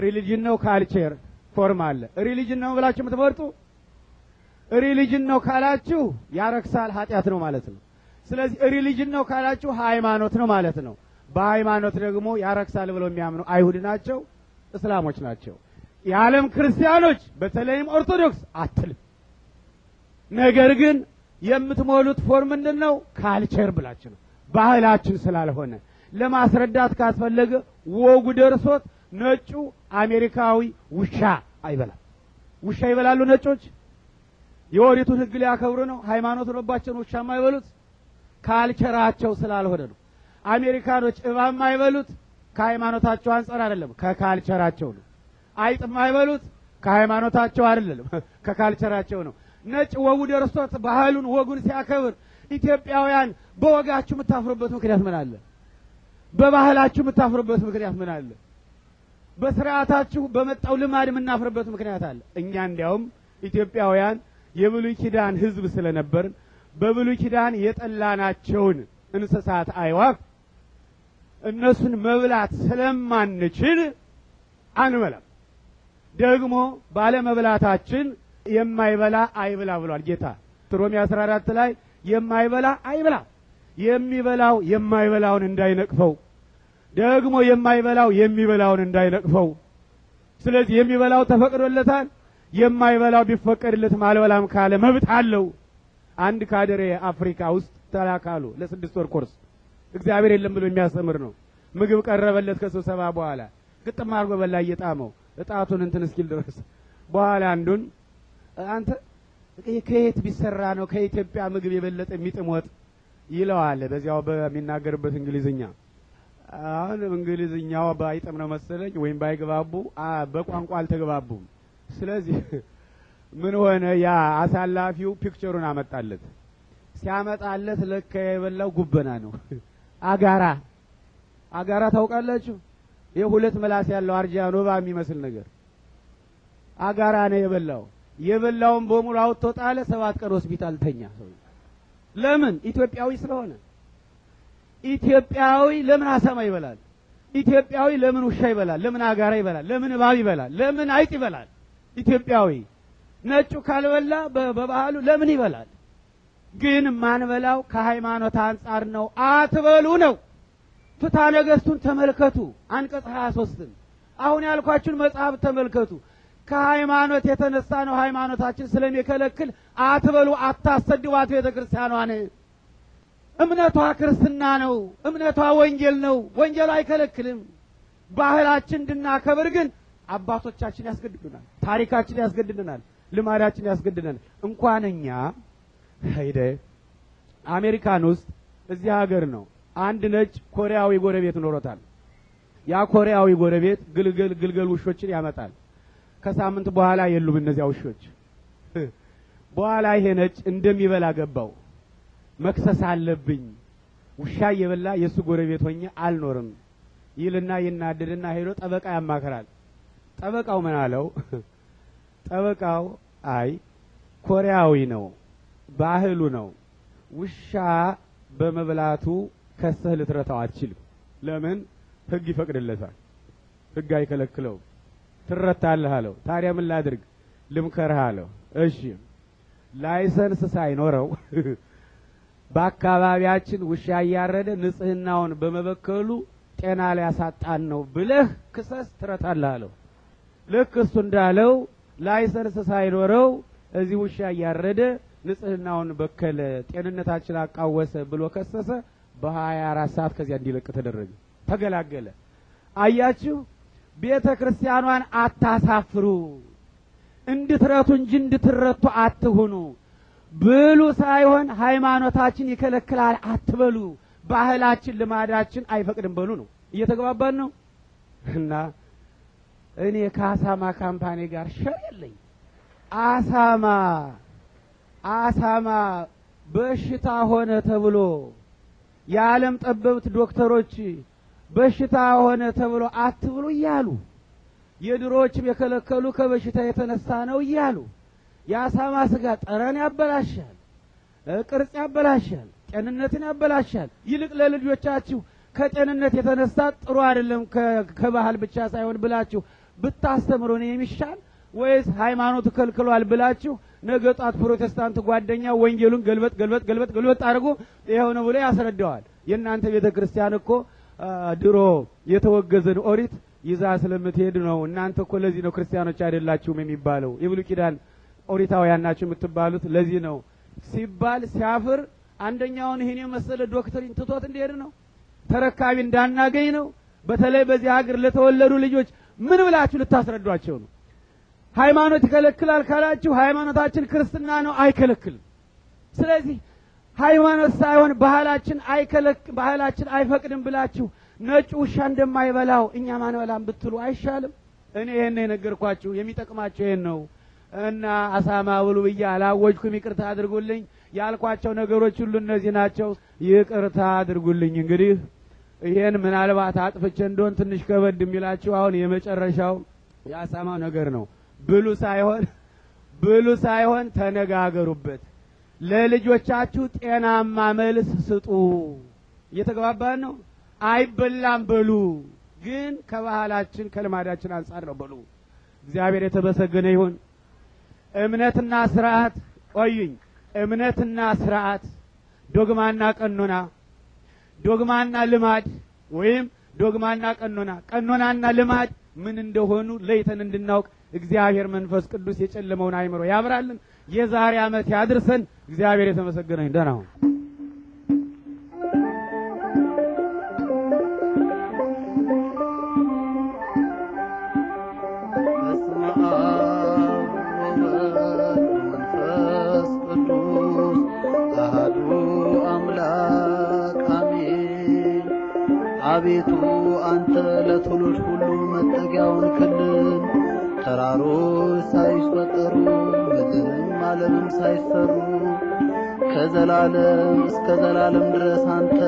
ሪሊጅን ነው ካልቸር ፎርም አለ። ሪሊጅን ነው ብላችሁ የምትመርጡ ሪሊጅን ነው ካላችሁ ያረክሳል፣ ኃጢአት ነው ማለት ነው። ስለዚህ ሪሊጅን ነው ካላችሁ ሃይማኖት ነው ማለት ነው። በሃይማኖት ደግሞ ያረክሳል ብለው የሚያምኑ አይሁድ ናቸው፣ እስላሞች ናቸው። የዓለም ክርስቲያኖች በተለይም ኦርቶዶክስ አትልም። ነገር ግን የምትሞሉት ፎርም ምንድን ነው? ካልቸር ብላችሁ ነው ባህላችን ስላልሆነ ለማስረዳት ካስፈለገ ወጉ ደርሶት ነጩ አሜሪካዊ ውሻ አይበላም። ውሻ ይበላሉ ነጮች። የወሪቱን ህግ ሊያከብሩ ነው። ሃይማኖት ሆኖባቸው ውሻ የማይበሉት ካልቸራቸው ስላልሆነ ነው። አሜሪካኖች እባ የማይበሉት ከሃይማኖታቸው አንጻር አይደለም፣ ከካልቸራቸው ነው። አይጥ የማይበሉት ከሃይማኖታቸው አይደለም፣ ከካልቸራቸው ነው። ነጭ ወጉ ደርሶት ባህሉን ወጉን ሲያከብር ኢትዮጵያውያን በወጋችሁ የምታፍሩበት ምክንያት ምን አለ? በባህላችሁ የምታፍርበት ምክንያት ምን አለ? በስርዓታችሁ በመጣው ልማድ የምናፍርበት ምክንያት አለ? እኛ እንዲያውም ኢትዮጵያውያን የብሉይ ኪዳን ሕዝብ ስለነበርን በብሉይ ኪዳን የጠላናቸውን እንስሳት አይዋፍ እነሱን መብላት ስለማንችል አንበላም። ደግሞ ባለመብላታችን የማይበላ አይብላ ብሏል ጌታ። ሮሜ 14 ላይ የማይበላ አይብላ የሚበላው የማይበላውን እንዳይነቅፈው፣ ደግሞ የማይበላው የሚበላውን እንዳይነቅፈው። ስለዚህ የሚበላው ተፈቅዶለታል። የማይበላው ቢፈቀድለትም አልበላም ካለ መብት አለው። አንድ ካድሬ አፍሪካ ውስጥ ተላካሉ ለስድስት ወር ኮርስ እግዚአብሔር የለም ብሎ የሚያስተምር ነው። ምግብ ቀረበለት ከስብሰባ በኋላ ግጥም አድርጎ በላ እየጣመው እጣቱን እንትን እስኪል ድረስ በኋላ አንዱን አንተ ከየት ቢሰራ ነው ከኢትዮጵያ ምግብ የበለጠ የሚጥም ወጥ ይለዋል። በዚያው በሚናገርበት እንግሊዝኛ አሁን እንግሊዝኛው ባይጥም ነው መሰለኝ ወይም ባይግባቡ በቋንቋ አልተግባቡም። ስለዚህ ምን ሆነ? ያ አሳላፊው ፒክቸሩን አመጣለት። ሲያመጣለት ለካ የበላው ጉበና ነው። አጋራ አጋራ ታውቃላችሁ? የሁለት ሁለት ምላስ ያለው አርጃኖባ የሚመስል ነገር አጋራ ነው የበላው። የበላውን በሙሉ አውጥቶ ጣለ። ሰባት ቀን ሆስፒታል ተኛ። ለምን? ኢትዮጵያዊ ስለሆነ። ኢትዮጵያዊ ለምን አሰማ ይበላል? ኢትዮጵያዊ ለምን ውሻ ይበላል? ለምን አጋራ ይበላል? ለምን እባብ ይበላል? ለምን አይጥ ይበላል? ኢትዮጵያዊ ነጩ ካልበላ በባህሉ ለምን ይበላል? ግን ማንበላው ከሃይማኖት አንጻር ነው። አትበሉ ነው። ፍታ ነገስቱን ተመልከቱ፣ አንቀጽ 23ን አሁን ያልኳችሁን መጽሐፍ ተመልከቱ። ከሃይማኖት የተነሳ ነው። ሃይማኖታችን ስለሚከለክል አትበሉ፣ አታሰድቧት ቤተ ክርስቲያኗን። እምነቷ ክርስትና ነው። እምነቷ ወንጌል ነው። ወንጌሉ አይከለክልም። ባህላችን እንድናከብር ግን አባቶቻችን ያስገድዱናል። ታሪካችን ያስገድድናል። ልማዳችን ያስገድድናል። እንኳን እኛ ሄደ አሜሪካን ውስጥ እዚህ ሀገር ነው አንድ ነጭ ኮሪያዊ ጎረቤት ኖሮታል። ያ ኮሪያዊ ጎረቤት ግልገል ግልገል ውሾችን ያመጣል። ከሳምንት በኋላ የሉም እነዚያ ውሾች። በኋላ ይሄ ነጭ እንደሚበላ ገባው። መክሰስ አለብኝ ውሻ እየበላ የእሱ ጎረቤት ሆኜ አልኖርም ይልና ይናደድና ሄዶ ጠበቃ ያማከራል። ጠበቃው ምን አለው? ጠበቃው አይ ኮሪያዊ ነው፣ ባህሉ ነው። ውሻ በመብላቱ ከሰህ ልትረታው አትችልም። ለምን? ህግ ይፈቅድለታል። ህግ አይከለክለውም። ትረታለህ አለው። ታዲያ ምን ላድርግ ልምከርህ አለው። እሺ ላይሰንስ ሳይኖረው በአካባቢያችን ውሻ እያረደ ንጽህናውን በመበከሉ ጤና ሊያሳጣን ነው ብለህ ክሰስ ትረታለህ አለው። ልክ እሱ እንዳለው ላይሰንስ ሳይኖረው እዚህ ውሻ እያረደ ንጽህናውን በከለ፣ ጤንነታችን አቃወሰ ብሎ ከሰሰ። በሀያ አራት ሰዓት ከዚያ እንዲለቅ ተደረገ፣ ተገላገለ። አያችሁ ቤተ ክርስቲያኗን አታሳፍሩ፣ እንድትረቱ እንጂ እንድትረቱ አትሁኑ። ብሉ ሳይሆን ሃይማኖታችን ይከለክላል አትበሉ፣ ባህላችን ልማዳችን አይፈቅድም በሉ ነው። እየተግባባን ነው እና እኔ ከአሳማ ካምፓኒ ጋር ሸር የለኝ። አሳማ አሳማ በሽታ ሆነ ተብሎ የዓለም ጠበብት ዶክተሮች በሽታ ሆነ ተብሎ አትብሉ እያሉ የድሮዎችም የከለከሉ ከበሽታ የተነሳ ነው እያሉ የአሳማ ስጋ ጠረን ያበላሻል፣ ቅርጽ ያበላሻል፣ ጤንነትን ያበላሻል። ይልቅ ለልጆቻችሁ ከጤንነት የተነሳ ጥሩ አይደለም ከባህል ብቻ ሳይሆን ብላችሁ ብታስተምሩ ነው የሚሻል ወይስ ሃይማኖት ከልክሏል ብላችሁ ነገ ጧት ፕሮቴስታንት ጓደኛ ወንጌሉን ገልበጥ ገልበጥ ገልበጥ ገልበጥ አድርጎ ይኸው ነው ብሎ ያስረዳዋል። የእናንተ ቤተ ክርስቲያን እኮ ድሮ የተወገዘን ኦሪት ይዛ ስለምትሄድ ነው። እናንተ እኮ ለዚህ ነው ክርስቲያኖች አይደላችሁም የሚባለው። የብሉይ ኪዳን ኦሪታውያን ናችሁ የምትባሉት ለዚህ ነው ሲባል ሲያፍር አንደኛውን ይህን የመሰለ ዶክትሪን ትቶት እንዲሄድ ነው። ተረካቢ እንዳናገኝ ነው። በተለይ በዚህ ሀገር ለተወለዱ ልጆች ምን ብላችሁ ልታስረዷቸው ነው? ሃይማኖት ይከለክላል ካላችሁ ሃይማኖታችን ክርስትና ነው፣ አይከለክልም። ስለዚህ ሃይማኖት ሳይሆን ባህላችን አይከለክ ባህላችን አይፈቅድም ብላችሁ ነጭ ውሻ እንደማይበላው እኛ ማንበላም ብትሉ አይሻልም? እኔ ይሄን የነገርኳችሁ የሚጠቅማቸው ይሄን ነው። እና አሳማ ብሉ ብዬ አላወጅኩም። ይቅርታ አድርጉልኝ። ያልኳቸው ነገሮች ሁሉ እነዚህ ናቸው። ይቅርታ አድርጉልኝ። እንግዲህ ይሄን ምናልባት አጥፍቼ እንደሆን ትንሽ ከበድ የሚላችሁ አሁን የመጨረሻው የአሳማው ነገር ነው። ብሉ ሳይሆን ብሉ ሳይሆን ተነጋገሩበት። ለልጆቻችሁ ጤናማ መልስ ስጡ። እየተገባባን ነው። አይበላም በሉ፣ ግን ከባህላችን ከልማዳችን አንጻር ነው በሉ። እግዚአብሔር የተመሰገነ ይሁን። እምነትና ስርዓት ቆዩኝ። እምነትና ስርዓት፣ ዶግማና ቀኖና፣ ዶግማና ልማድ ወይም ዶግማና ቀኖና፣ ቀኖናና ልማድ ምን እንደሆኑ ለይተን እንድናውቅ እግዚአብሔር መንፈስ ቅዱስ የጨለመውን አይምሮ ያብራልን። የዛሬ ዓመት ያድርሰን። እግዚአብሔር የተመሰገነ ይሁን። ደህና ሁኑ። አቤቱ አንተ ለትውልድ ሁሉ መጠጊያውን ክልል ተራሮች ሳይፈጠሩ ምድርን ዓለምም ሳይሰሩ ከዘላለም እስከ ዘላለም ድረስ አንተ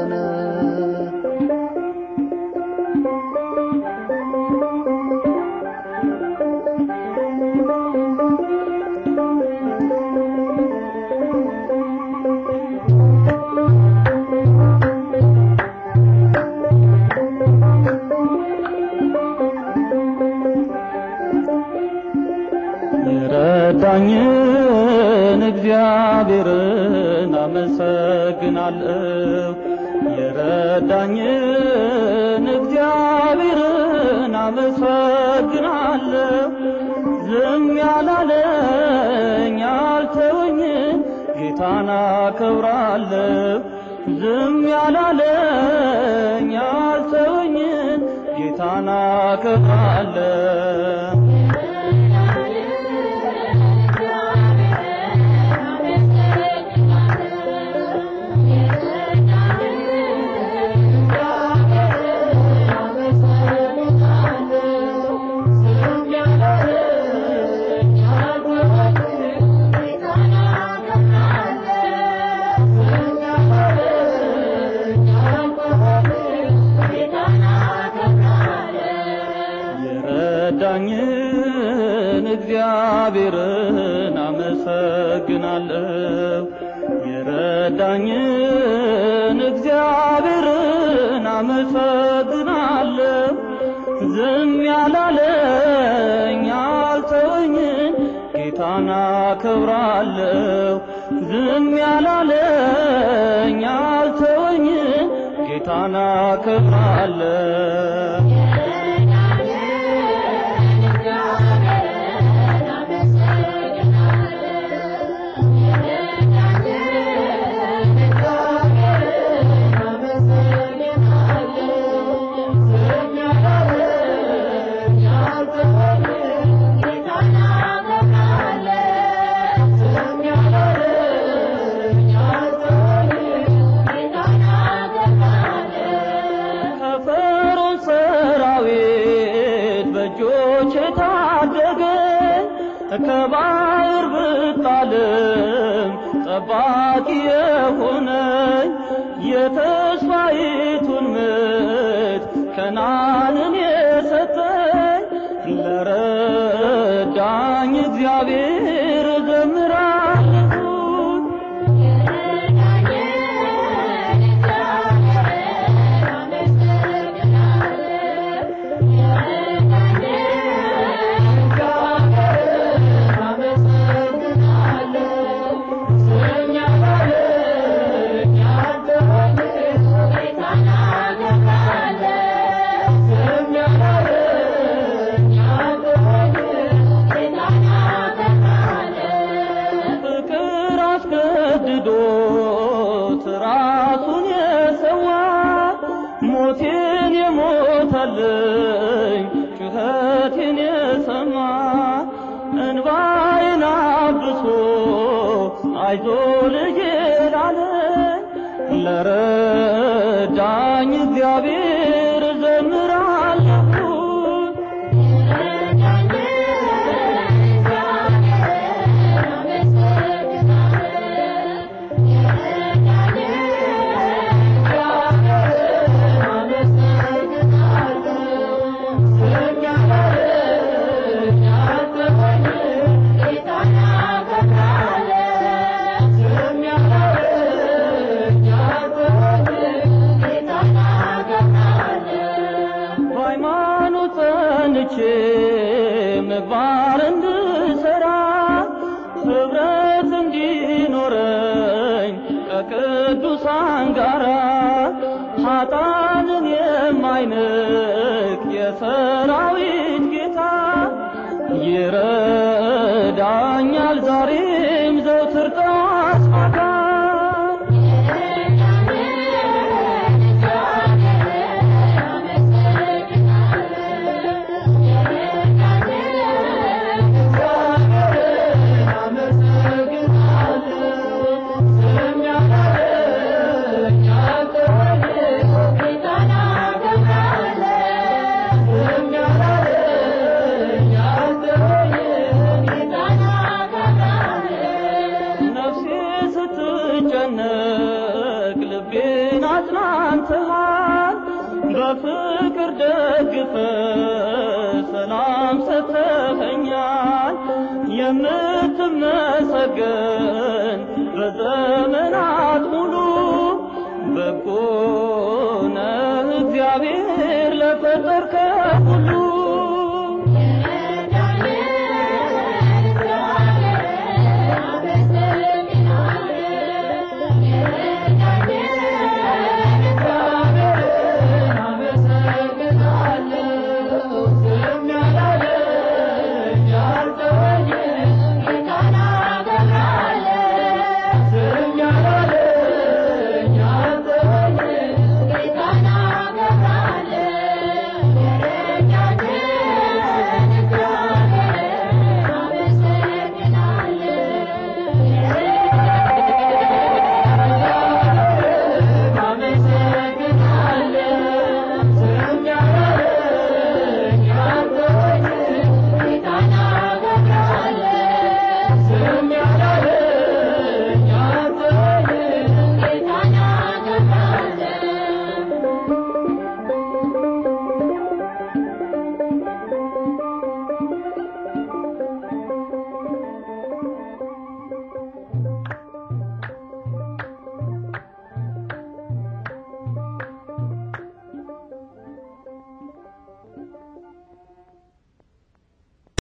እግዚአብሔር ለፈጠር